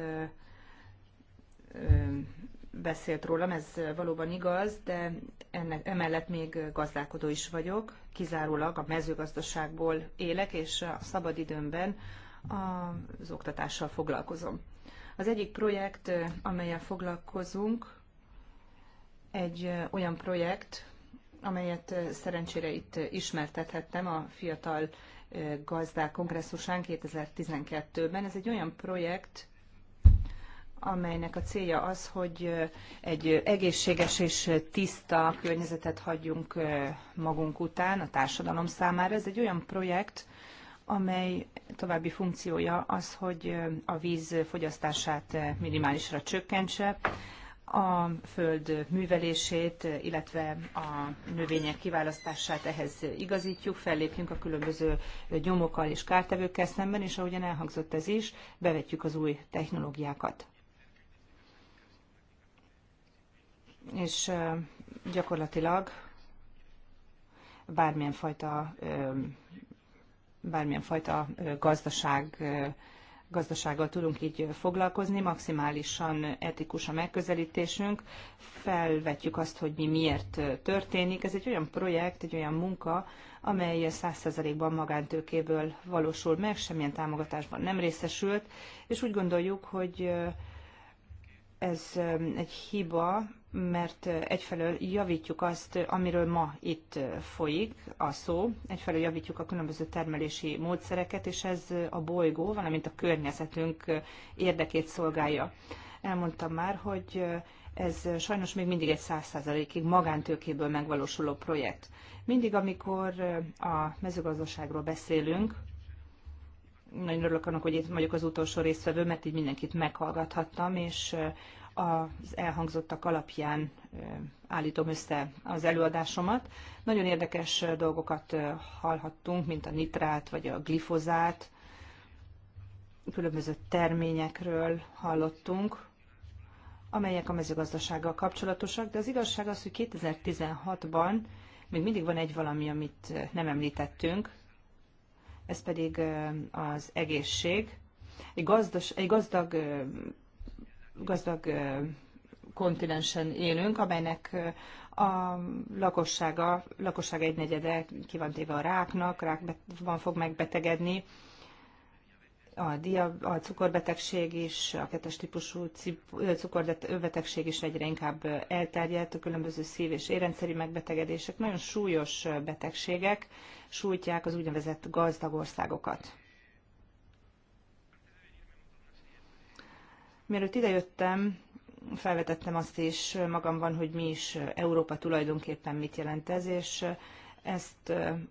beszélt rólam, ez valóban igaz, de ennek, emellett még gazdálkodó is vagyok. Kizárólag a mezőgazdaságból élek, és a szabadidőmben az oktatással foglalkozom. Az egyik projekt, amelyel foglalkozunk, egy olyan projekt, amelyet szerencsére itt ismertethettem a Fiatal Gazdák Kongresszusán 2012-ben. Ez egy olyan projekt, amelynek a célja az, hogy egy egészséges és tiszta környezetet hagyjunk magunk után a társadalom számára. Ez egy olyan projekt, amely további funkciója az, hogy a víz fogyasztását minimálisra csökkentse, a föld művelését, illetve a növények kiválasztását ehhez igazítjuk, fellépjünk a különböző nyomokkal és kártevőkkel szemben, és ahogyan elhangzott ez is, bevetjük az új technológiákat. És gyakorlatilag bármilyen fajta, bármilyen fajta gazdaság gazdasággal tudunk így foglalkozni, maximálisan etikus a megközelítésünk, felvetjük azt, hogy mi miért történik. Ez egy olyan projekt, egy olyan munka, amely 100%-ban magántőkéből valósul meg, semmilyen támogatásban nem részesült, és úgy gondoljuk, hogy ez egy hiba, mert egyfelől javítjuk azt, amiről ma itt folyik a szó, egyfelől javítjuk a különböző termelési módszereket, és ez a bolygó, valamint a környezetünk érdekét szolgálja. Elmondtam már, hogy ez sajnos még mindig egy száz százalékig magántőkéből megvalósuló projekt. Mindig, amikor a mezőgazdaságról beszélünk, nagyon örülök annak, hogy itt vagyok az utolsó résztvevő, mert így mindenkit meghallgathattam, és az elhangzottak alapján állítom össze az előadásomat. Nagyon érdekes dolgokat hallhattunk, mint a nitrát vagy a glifozát. Különböző terményekről hallottunk, amelyek a mezőgazdasággal kapcsolatosak, de az igazság az, hogy 2016-ban még mindig van egy valami, amit nem említettünk, ez pedig az egészség. Egy, gazdas, egy gazdag gazdag kontinensen élünk, amelynek a lakossága, lakosság negyede ki van téve a ráknak, rákban fog megbetegedni, a, dia, a cukorbetegség is, a kettes típusú cukorbetegség is egyre inkább elterjedt, a különböző szív- és érrendszeri megbetegedések nagyon súlyos betegségek sújtják az úgynevezett gazdag országokat. Mielőtt idejöttem, felvetettem azt is magamban, hogy mi is Európa tulajdonképpen mit jelent ez, és ezt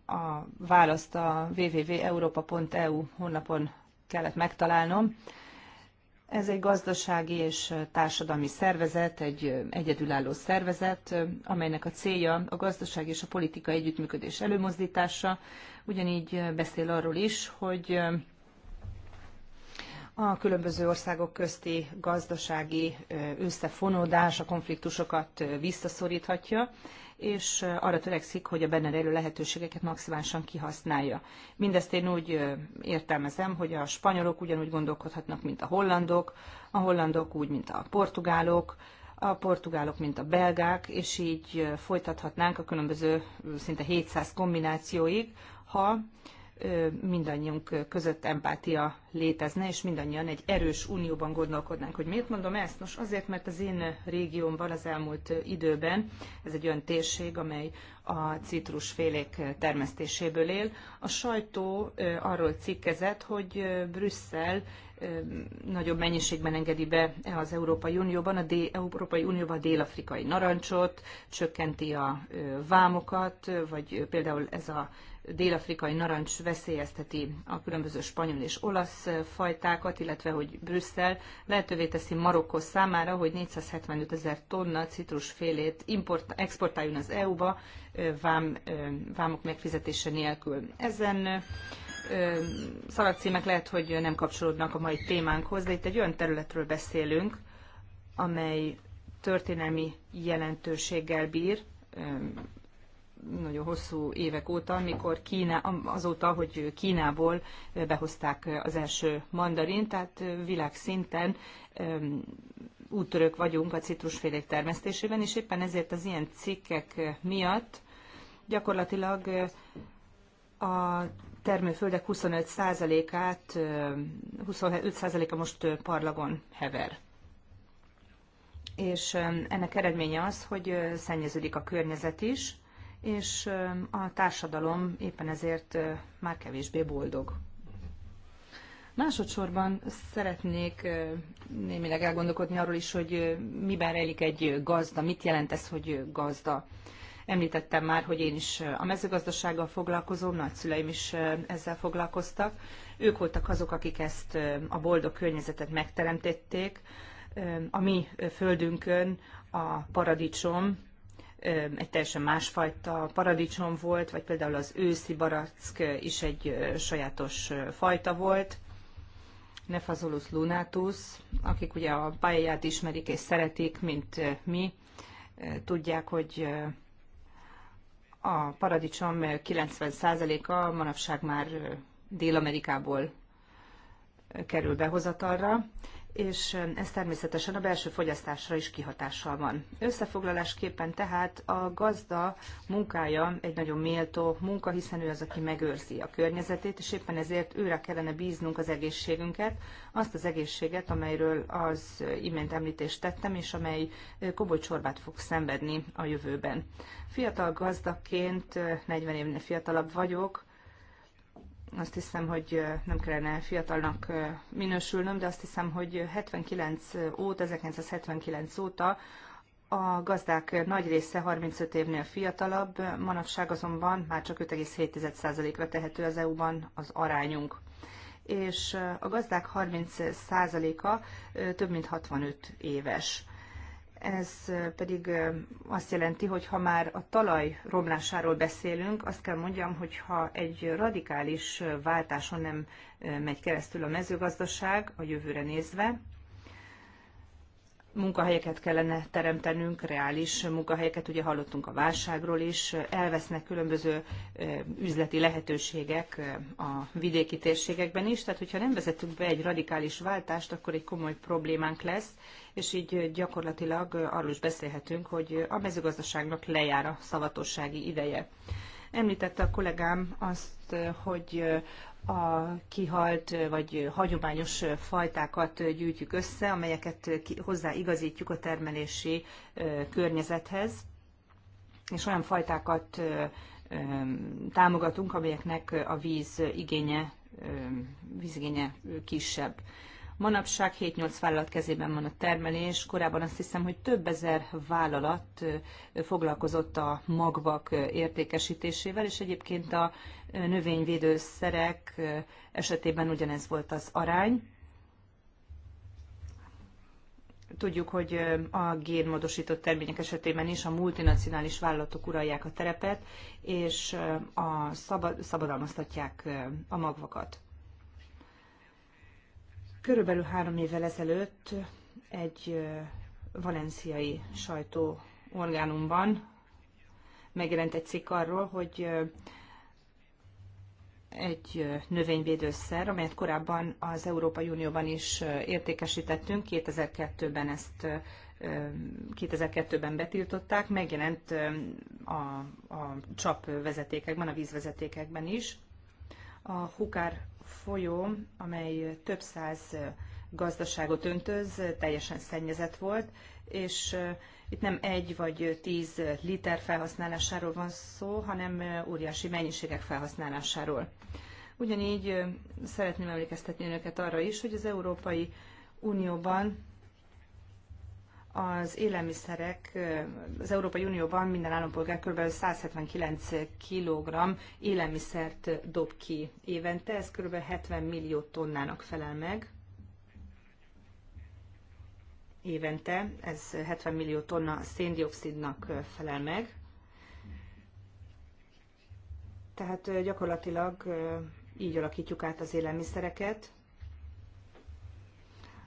a választ a www.europa.eu honlapon kellett megtalálnom. Ez egy gazdasági és társadalmi szervezet, egy egyedülálló szervezet, amelynek a célja a gazdaság és a politika együttműködés előmozdítása. Ugyanígy beszél arról is, hogy a különböző országok közti gazdasági összefonódás a konfliktusokat visszaszoríthatja, és arra törekszik, hogy a benne rejlő lehetőségeket maximálisan kihasználja. Mindezt én úgy értelmezem, hogy a spanyolok ugyanúgy gondolkodhatnak, mint a hollandok, a hollandok úgy, mint a portugálok, a portugálok, mint a belgák, és így folytathatnánk a különböző szinte 700 kombinációig, ha mindannyiunk között empátia létezne, és mindannyian egy erős unióban gondolkodnánk. Hogy miért mondom ezt? Nos, azért, mert az én régiómban az elmúlt időben, ez egy olyan térség, amely a citrusfélék termesztéséből él, a sajtó arról cikkezett, hogy Brüsszel nagyobb mennyiségben engedi be e az Európai Unióban, a D- Európai Unióban a dél-afrikai narancsot, csökkenti a vámokat, vagy például ez a dél-afrikai narancs veszélyezteti a különböző spanyol és olasz fajtákat, illetve hogy Brüsszel lehetővé teszi Marokkó számára, hogy 475 ezer tonna citrusfélét import, exportáljon az EU-ba vám, vámok megfizetése nélkül. Ezen szalagcímek lehet, hogy nem kapcsolódnak a mai témánkhoz, de itt egy olyan területről beszélünk, amely történelmi jelentőséggel bír, nagyon hosszú évek óta, amikor Kína, azóta, hogy Kínából behozták az első mandarin, tehát világszinten úttörők vagyunk a citrusfélék termesztésében, és éppen ezért az ilyen cikkek miatt gyakorlatilag a termőföldek 25%-át, 25%-a most parlagon hever. És ennek eredménye az, hogy szennyeződik a környezet is, és a társadalom éppen ezért már kevésbé boldog. Másodszorban szeretnék némileg elgondolkodni arról is, hogy miben rejlik egy gazda, mit jelent ez, hogy gazda. Említettem már, hogy én is a mezőgazdasággal foglalkozom, nagyszüleim is ezzel foglalkoztak. Ők voltak azok, akik ezt a boldog környezetet megteremtették. A mi földünkön a paradicsom egy teljesen másfajta paradicsom volt, vagy például az őszi barack is egy sajátos fajta volt, Nefazolus lunatus, akik ugye a pályáját ismerik és szeretik, mint mi, tudják, hogy a paradicsom 90%-a manapság már Dél-Amerikából kerül behozatalra és ez természetesen a belső fogyasztásra is kihatással van. Összefoglalásképpen tehát a gazda munkája egy nagyon méltó munka, hiszen ő az, aki megőrzi a környezetét, és éppen ezért őre kellene bíznunk az egészségünket, azt az egészséget, amelyről az imént említést tettem, és amely csorbát fog szenvedni a jövőben. Fiatal gazdaként, 40 évnél fiatalabb vagyok, azt hiszem, hogy nem kellene fiatalnak minősülnöm, de azt hiszem, hogy 79 óta, 1979 óta a gazdák nagy része 35 évnél fiatalabb, manapság azonban már csak 5,7%-ra tehető az EU-ban az arányunk. És a gazdák 30%-a több mint 65 éves. Ez pedig azt jelenti, hogy ha már a talaj romlásáról beszélünk, azt kell mondjam, hogy ha egy radikális váltáson nem megy keresztül a mezőgazdaság a jövőre nézve, munkahelyeket kellene teremtenünk, reális munkahelyeket, ugye hallottunk a válságról is, elvesznek különböző üzleti lehetőségek a vidéki térségekben is, tehát hogyha nem vezetünk be egy radikális váltást, akkor egy komoly problémánk lesz, és így gyakorlatilag arról is beszélhetünk, hogy a mezőgazdaságnak lejár a szavatossági ideje. Említette a kollégám azt, hogy a kihalt vagy hagyományos fajtákat gyűjtjük össze, amelyeket hozzáigazítjuk a termelési környezethez, és olyan fajtákat támogatunk, amelyeknek a víz igénye, vízigénye kisebb. Manapság 7-8 vállalat kezében van a termelés, korábban azt hiszem, hogy több ezer vállalat foglalkozott a magvak értékesítésével, és egyébként a növényvédőszerek esetében ugyanez volt az arány. Tudjuk, hogy a génmódosított termények esetében is a multinacionális vállalatok uralják a terepet, és a szabad, szabadalmaztatják a magvakat. Körülbelül három évvel ezelőtt egy valenciai sajtóorgánumban megjelent egy cikk arról, hogy egy növényvédőszer, amelyet korábban az Európai Unióban is értékesítettünk. 2002-ben ezt 2002-ben betiltották, megjelent a, a vezetékekben, a vízvezetékekben is. A Hukár folyó, amely több száz gazdaságot öntöz, teljesen szennyezett volt, és itt nem egy vagy tíz liter felhasználásáról van szó, hanem óriási mennyiségek felhasználásáról. Ugyanígy szeretném emlékeztetni önöket arra is, hogy az Európai Unióban az élelmiszerek az Európai Unióban minden állampolgár kb. 179 kg élelmiszert dob ki évente, ez kb. 70 millió tonnának felel meg évente, ez 70 millió tonna széndiokszidnak felel meg. Tehát gyakorlatilag így alakítjuk át az élelmiszereket.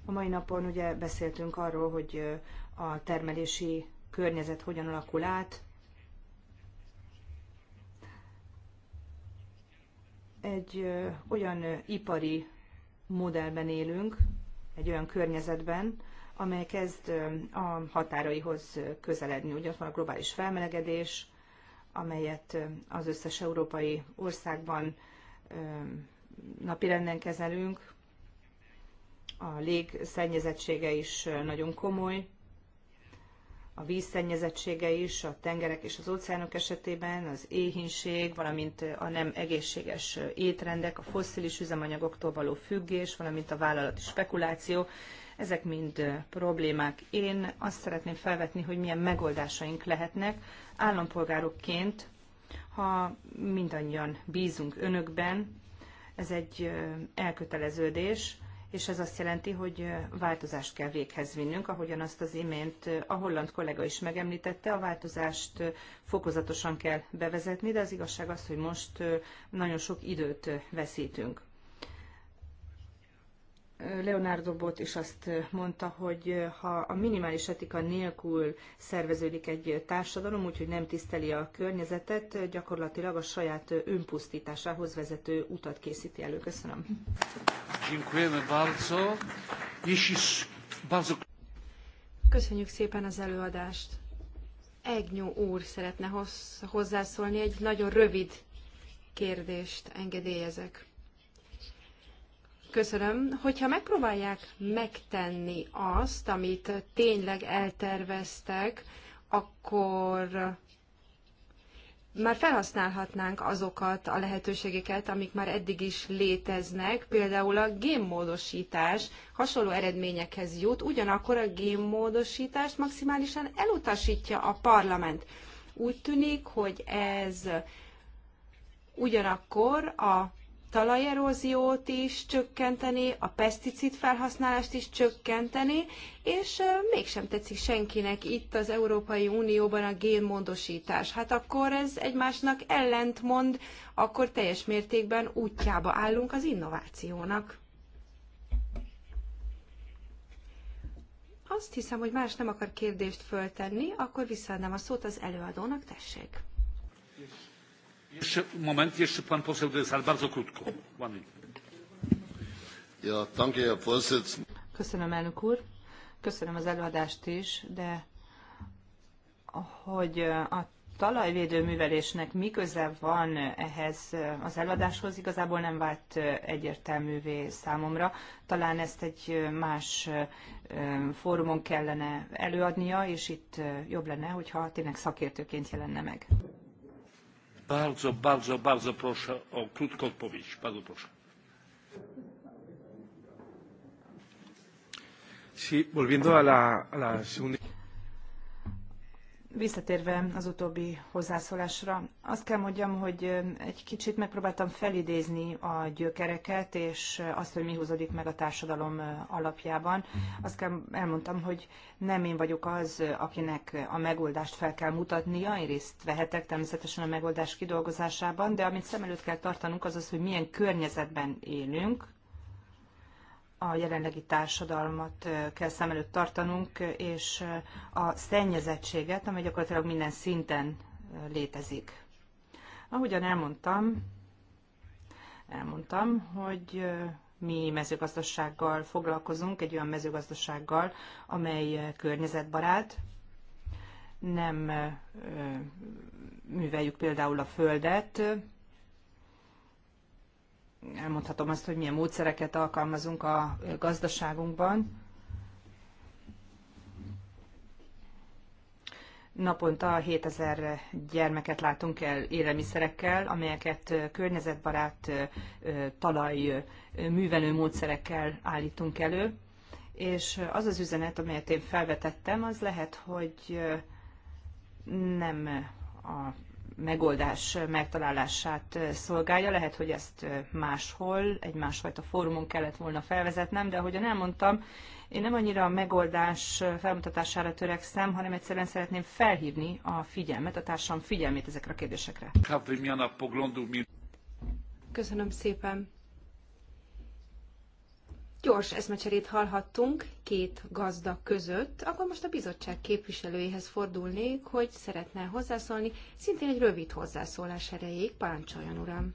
A mai napon ugye beszéltünk arról, hogy a termelési környezet hogyan alakul át. Egy olyan ipari modellben élünk, egy olyan környezetben, amely kezd a határaihoz közeledni. Ugye ott van a globális felmelegedés, amelyet az összes európai országban napirenden kezelünk. A légszennyezettsége is nagyon komoly, a vízszennyezettsége is, a tengerek és az óceánok esetében, az éhínség, valamint a nem egészséges étrendek, a fosszilis üzemanyagoktól való függés, valamint a vállalati spekuláció, ezek mind problémák. Én azt szeretném felvetni, hogy milyen megoldásaink lehetnek állampolgárokként, ha mindannyian bízunk önökben, ez egy elköteleződés, és ez azt jelenti, hogy változást kell véghez vinnünk, ahogyan azt az imént a holland kollega is megemlítette, a változást fokozatosan kell bevezetni, de az igazság az, hogy most nagyon sok időt veszítünk. Leonardo Bot is azt mondta, hogy ha a minimális etika nélkül szerveződik egy társadalom, úgyhogy nem tiszteli a környezetet, gyakorlatilag a saját önpusztításához vezető utat készíti elő. Köszönöm. Köszönjük szépen az előadást. Egnyó úr szeretne hozzászólni, egy nagyon rövid kérdést engedélyezek. Köszönöm. Hogyha megpróbálják megtenni azt, amit tényleg elterveztek, akkor már felhasználhatnánk azokat a lehetőségeket, amik már eddig is léteznek, például a génmódosítás hasonló eredményekhez jut, ugyanakkor a génmódosítást maximálisan elutasítja a parlament. Úgy tűnik, hogy ez ugyanakkor a talajeróziót is csökkenteni, a peszticid felhasználást is csökkenteni, és mégsem tetszik senkinek itt az Európai Unióban a génmondosítás. Hát akkor ez egymásnak ellentmond, akkor teljes mértékben útjába állunk az innovációnak. Azt hiszem, hogy más nem akar kérdést föltenni, akkor visszaadnám a szót az előadónak, tessék moment, jeszcze pan poseł Desal, bardzo krótko. Köszönöm, elnök úr. Köszönöm az előadást is, de hogy a talajvédő művelésnek mi köze van ehhez az előadáshoz, igazából nem vált egyértelművé számomra. Talán ezt egy más fórumon kellene előadnia, és itt jobb lenne, hogyha tényleg szakértőként jelenne meg. Bardzo, bardzo, bardzo proszę o krótką odpowiedź. Bardzo proszę. Sí, volviendo a la, a la segunda. Visszatérve az utóbbi hozzászólásra, azt kell mondjam, hogy egy kicsit megpróbáltam felidézni a gyökereket, és azt, hogy mi húzódik meg a társadalom alapjában. Azt kell elmondtam, hogy nem én vagyok az, akinek a megoldást fel kell mutatnia, én részt vehetek természetesen a megoldás kidolgozásában, de amit szem előtt kell tartanunk, az az, hogy milyen környezetben élünk, a jelenlegi társadalmat kell szem előtt tartanunk, és a szennyezettséget, amely gyakorlatilag minden szinten létezik. Ahogyan elmondtam, elmondtam, hogy mi mezőgazdasággal foglalkozunk, egy olyan mezőgazdasággal, amely környezetbarát, nem műveljük például a földet, elmondhatom azt, hogy milyen módszereket alkalmazunk a gazdaságunkban. Naponta 7000 gyermeket látunk el élelmiszerekkel, amelyeket környezetbarát talaj művelő módszerekkel állítunk elő. És az az üzenet, amelyet én felvetettem, az lehet, hogy nem a megoldás megtalálását szolgálja. Lehet, hogy ezt máshol, egy másfajta fórumon kellett volna felvezetnem, de ahogyan elmondtam, én nem annyira a megoldás felmutatására törekszem, hanem egyszerűen szeretném felhívni a figyelmet, a társam figyelmét ezekre a kérdésekre. Köszönöm szépen. Gyors eszmecserét hallhattunk két gazda között, akkor most a bizottság képviselőjéhez fordulnék, hogy szeretne hozzászólni. Szintén egy rövid hozzászólás erejéig, parancsoljon uram!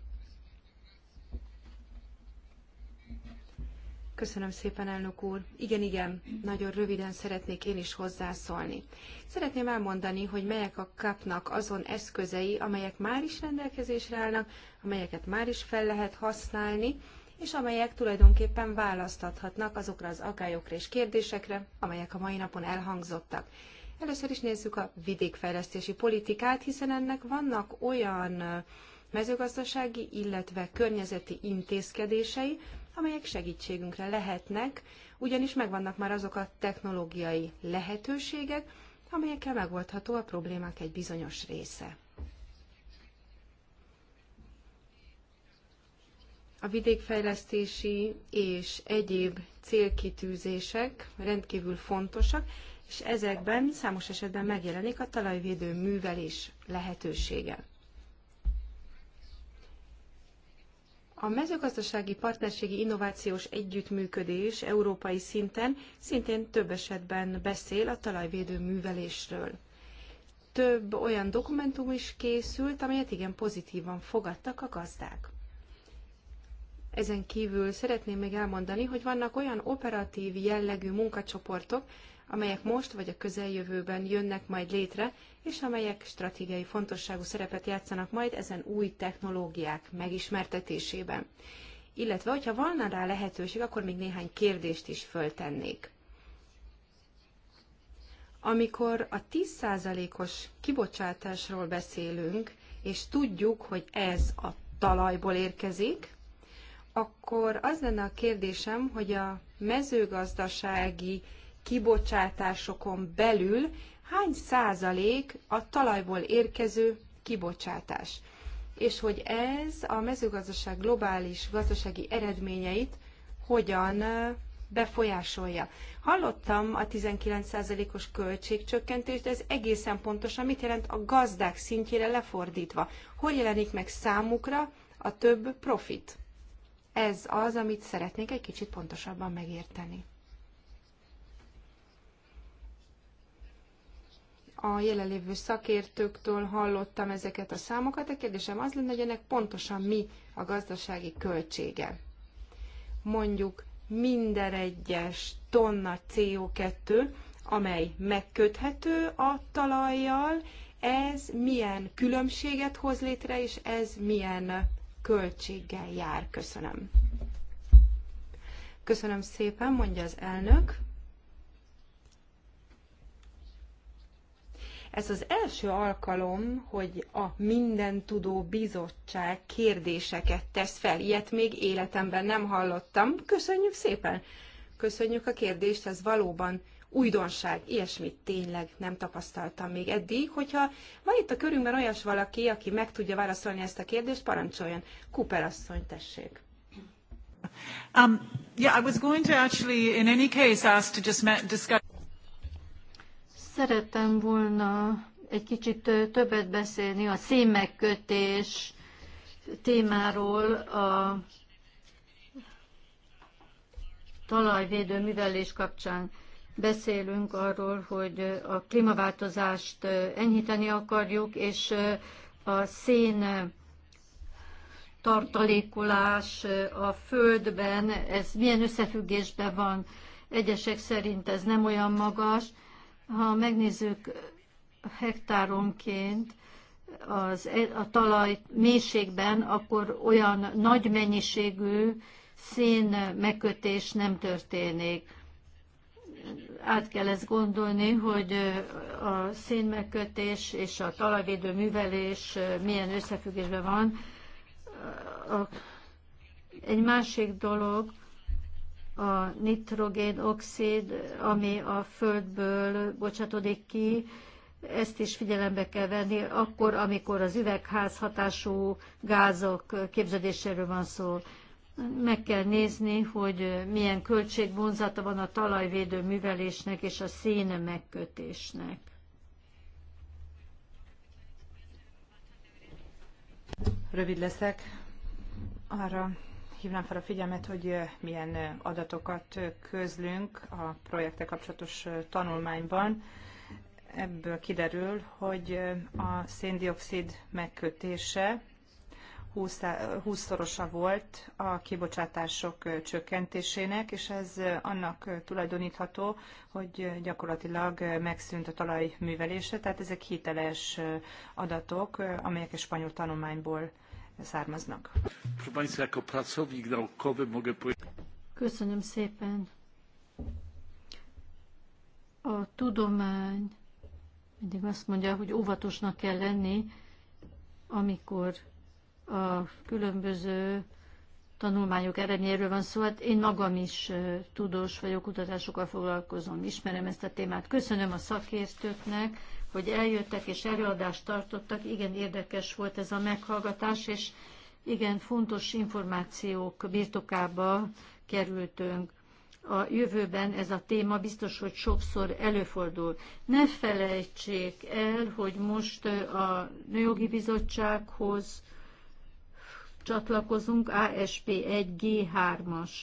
Köszönöm szépen, elnök úr. Igen, igen, nagyon röviden szeretnék én is hozzászólni. Szeretném elmondani, hogy melyek a kapnak azon eszközei, amelyek már is rendelkezésre állnak, amelyeket már is fel lehet használni, és amelyek tulajdonképpen választathatnak azokra az akályokra és kérdésekre, amelyek a mai napon elhangzottak. Először is nézzük a vidékfejlesztési politikát, hiszen ennek vannak olyan mezőgazdasági, illetve környezeti intézkedései, amelyek segítségünkre lehetnek, ugyanis megvannak már azok a technológiai lehetőségek, amelyekkel megoldható a problémák egy bizonyos része. A vidékfejlesztési és egyéb célkitűzések rendkívül fontosak, és ezekben számos esetben megjelenik a talajvédő művelés lehetősége. A mezőgazdasági partnerségi innovációs együttműködés európai szinten szintén több esetben beszél a talajvédő művelésről. Több olyan dokumentum is készült, amelyet igen pozitívan fogadtak a gazdák. Ezen kívül szeretném még elmondani, hogy vannak olyan operatív jellegű munkacsoportok, amelyek most vagy a közeljövőben jönnek majd létre, és amelyek stratégiai fontosságú szerepet játszanak majd ezen új technológiák megismertetésében. Illetve, hogyha volna rá lehetőség, akkor még néhány kérdést is föltennék. Amikor a 10%-os kibocsátásról beszélünk, és tudjuk, hogy ez a talajból érkezik, akkor az lenne a kérdésem, hogy a mezőgazdasági kibocsátásokon belül hány százalék a talajból érkező kibocsátás, és hogy ez a mezőgazdaság globális gazdasági eredményeit hogyan befolyásolja. Hallottam a 19%-os költségcsökkentést, de ez egészen pontosan mit jelent a gazdák szintjére lefordítva. Hol jelenik meg számukra a több profit? Ez az, amit szeretnék egy kicsit pontosabban megérteni. a jelenlévő szakértőktől hallottam ezeket a számokat. A kérdésem az lenne, hogy ennek pontosan mi a gazdasági költsége. Mondjuk minden egyes tonna CO2, amely megköthető a talajjal, ez milyen különbséget hoz létre, és ez milyen költséggel jár. Köszönöm. Köszönöm szépen, mondja az elnök. Ez az első alkalom, hogy a minden tudó Bizottság kérdéseket tesz fel. Ilyet még életemben nem hallottam. Köszönjük szépen! Köszönjük a kérdést, ez valóban újdonság, ilyesmit tényleg nem tapasztaltam még eddig. Hogyha van itt a körünkben olyas valaki, aki meg tudja válaszolni ezt a kérdést, parancsoljon. Cooper asszony, tessék. Um, yeah, I was going to actually, in any case, ask to just discuss... Szerettem volna egy kicsit többet beszélni a szémegkötés témáról, a talajvédő művelés kapcsán beszélünk arról, hogy a klímaváltozást enyhíteni akarjuk, és a szén tartalékolás a földben, ez milyen összefüggésben van? Egyesek szerint ez nem olyan magas. Ha megnézzük hektáronként az, e- a talaj mélységben, akkor olyan nagy mennyiségű szén megkötés nem történik át kell ezt gondolni, hogy a szénmegkötés és a talajvédő művelés milyen összefüggésben van. Egy másik dolog a nitrogénoxid, ami a földből bocsátodik ki, ezt is figyelembe kell venni, akkor, amikor az üvegház hatású gázok képződéséről van szó meg kell nézni, hogy milyen költségvonzata van a talajvédő művelésnek és a szén megkötésnek. Rövid leszek. Arra hívnám fel a figyelmet, hogy milyen adatokat közlünk a projekte kapcsolatos tanulmányban. Ebből kiderül, hogy a széndiokszid megkötése 20-szorosa volt a kibocsátások csökkentésének, és ez annak tulajdonítható, hogy gyakorlatilag megszűnt a talaj művelése, tehát ezek hiteles adatok, amelyek a spanyol tanulmányból származnak. Köszönöm szépen. A tudomány mindig azt mondja, hogy óvatosnak kell lenni, amikor a különböző tanulmányok eredményéről van szó, hát én magam is tudós vagyok, kutatásokkal foglalkozom, ismerem ezt a témát. Köszönöm a szakértőknek, hogy eljöttek és előadást tartottak. Igen érdekes volt ez a meghallgatás, és igen fontos információk birtokába kerültünk. A jövőben ez a téma biztos, hogy sokszor előfordul. Ne felejtsék el, hogy most a Nőjogi Bizottsághoz csatlakozunk, ASP 1G3-as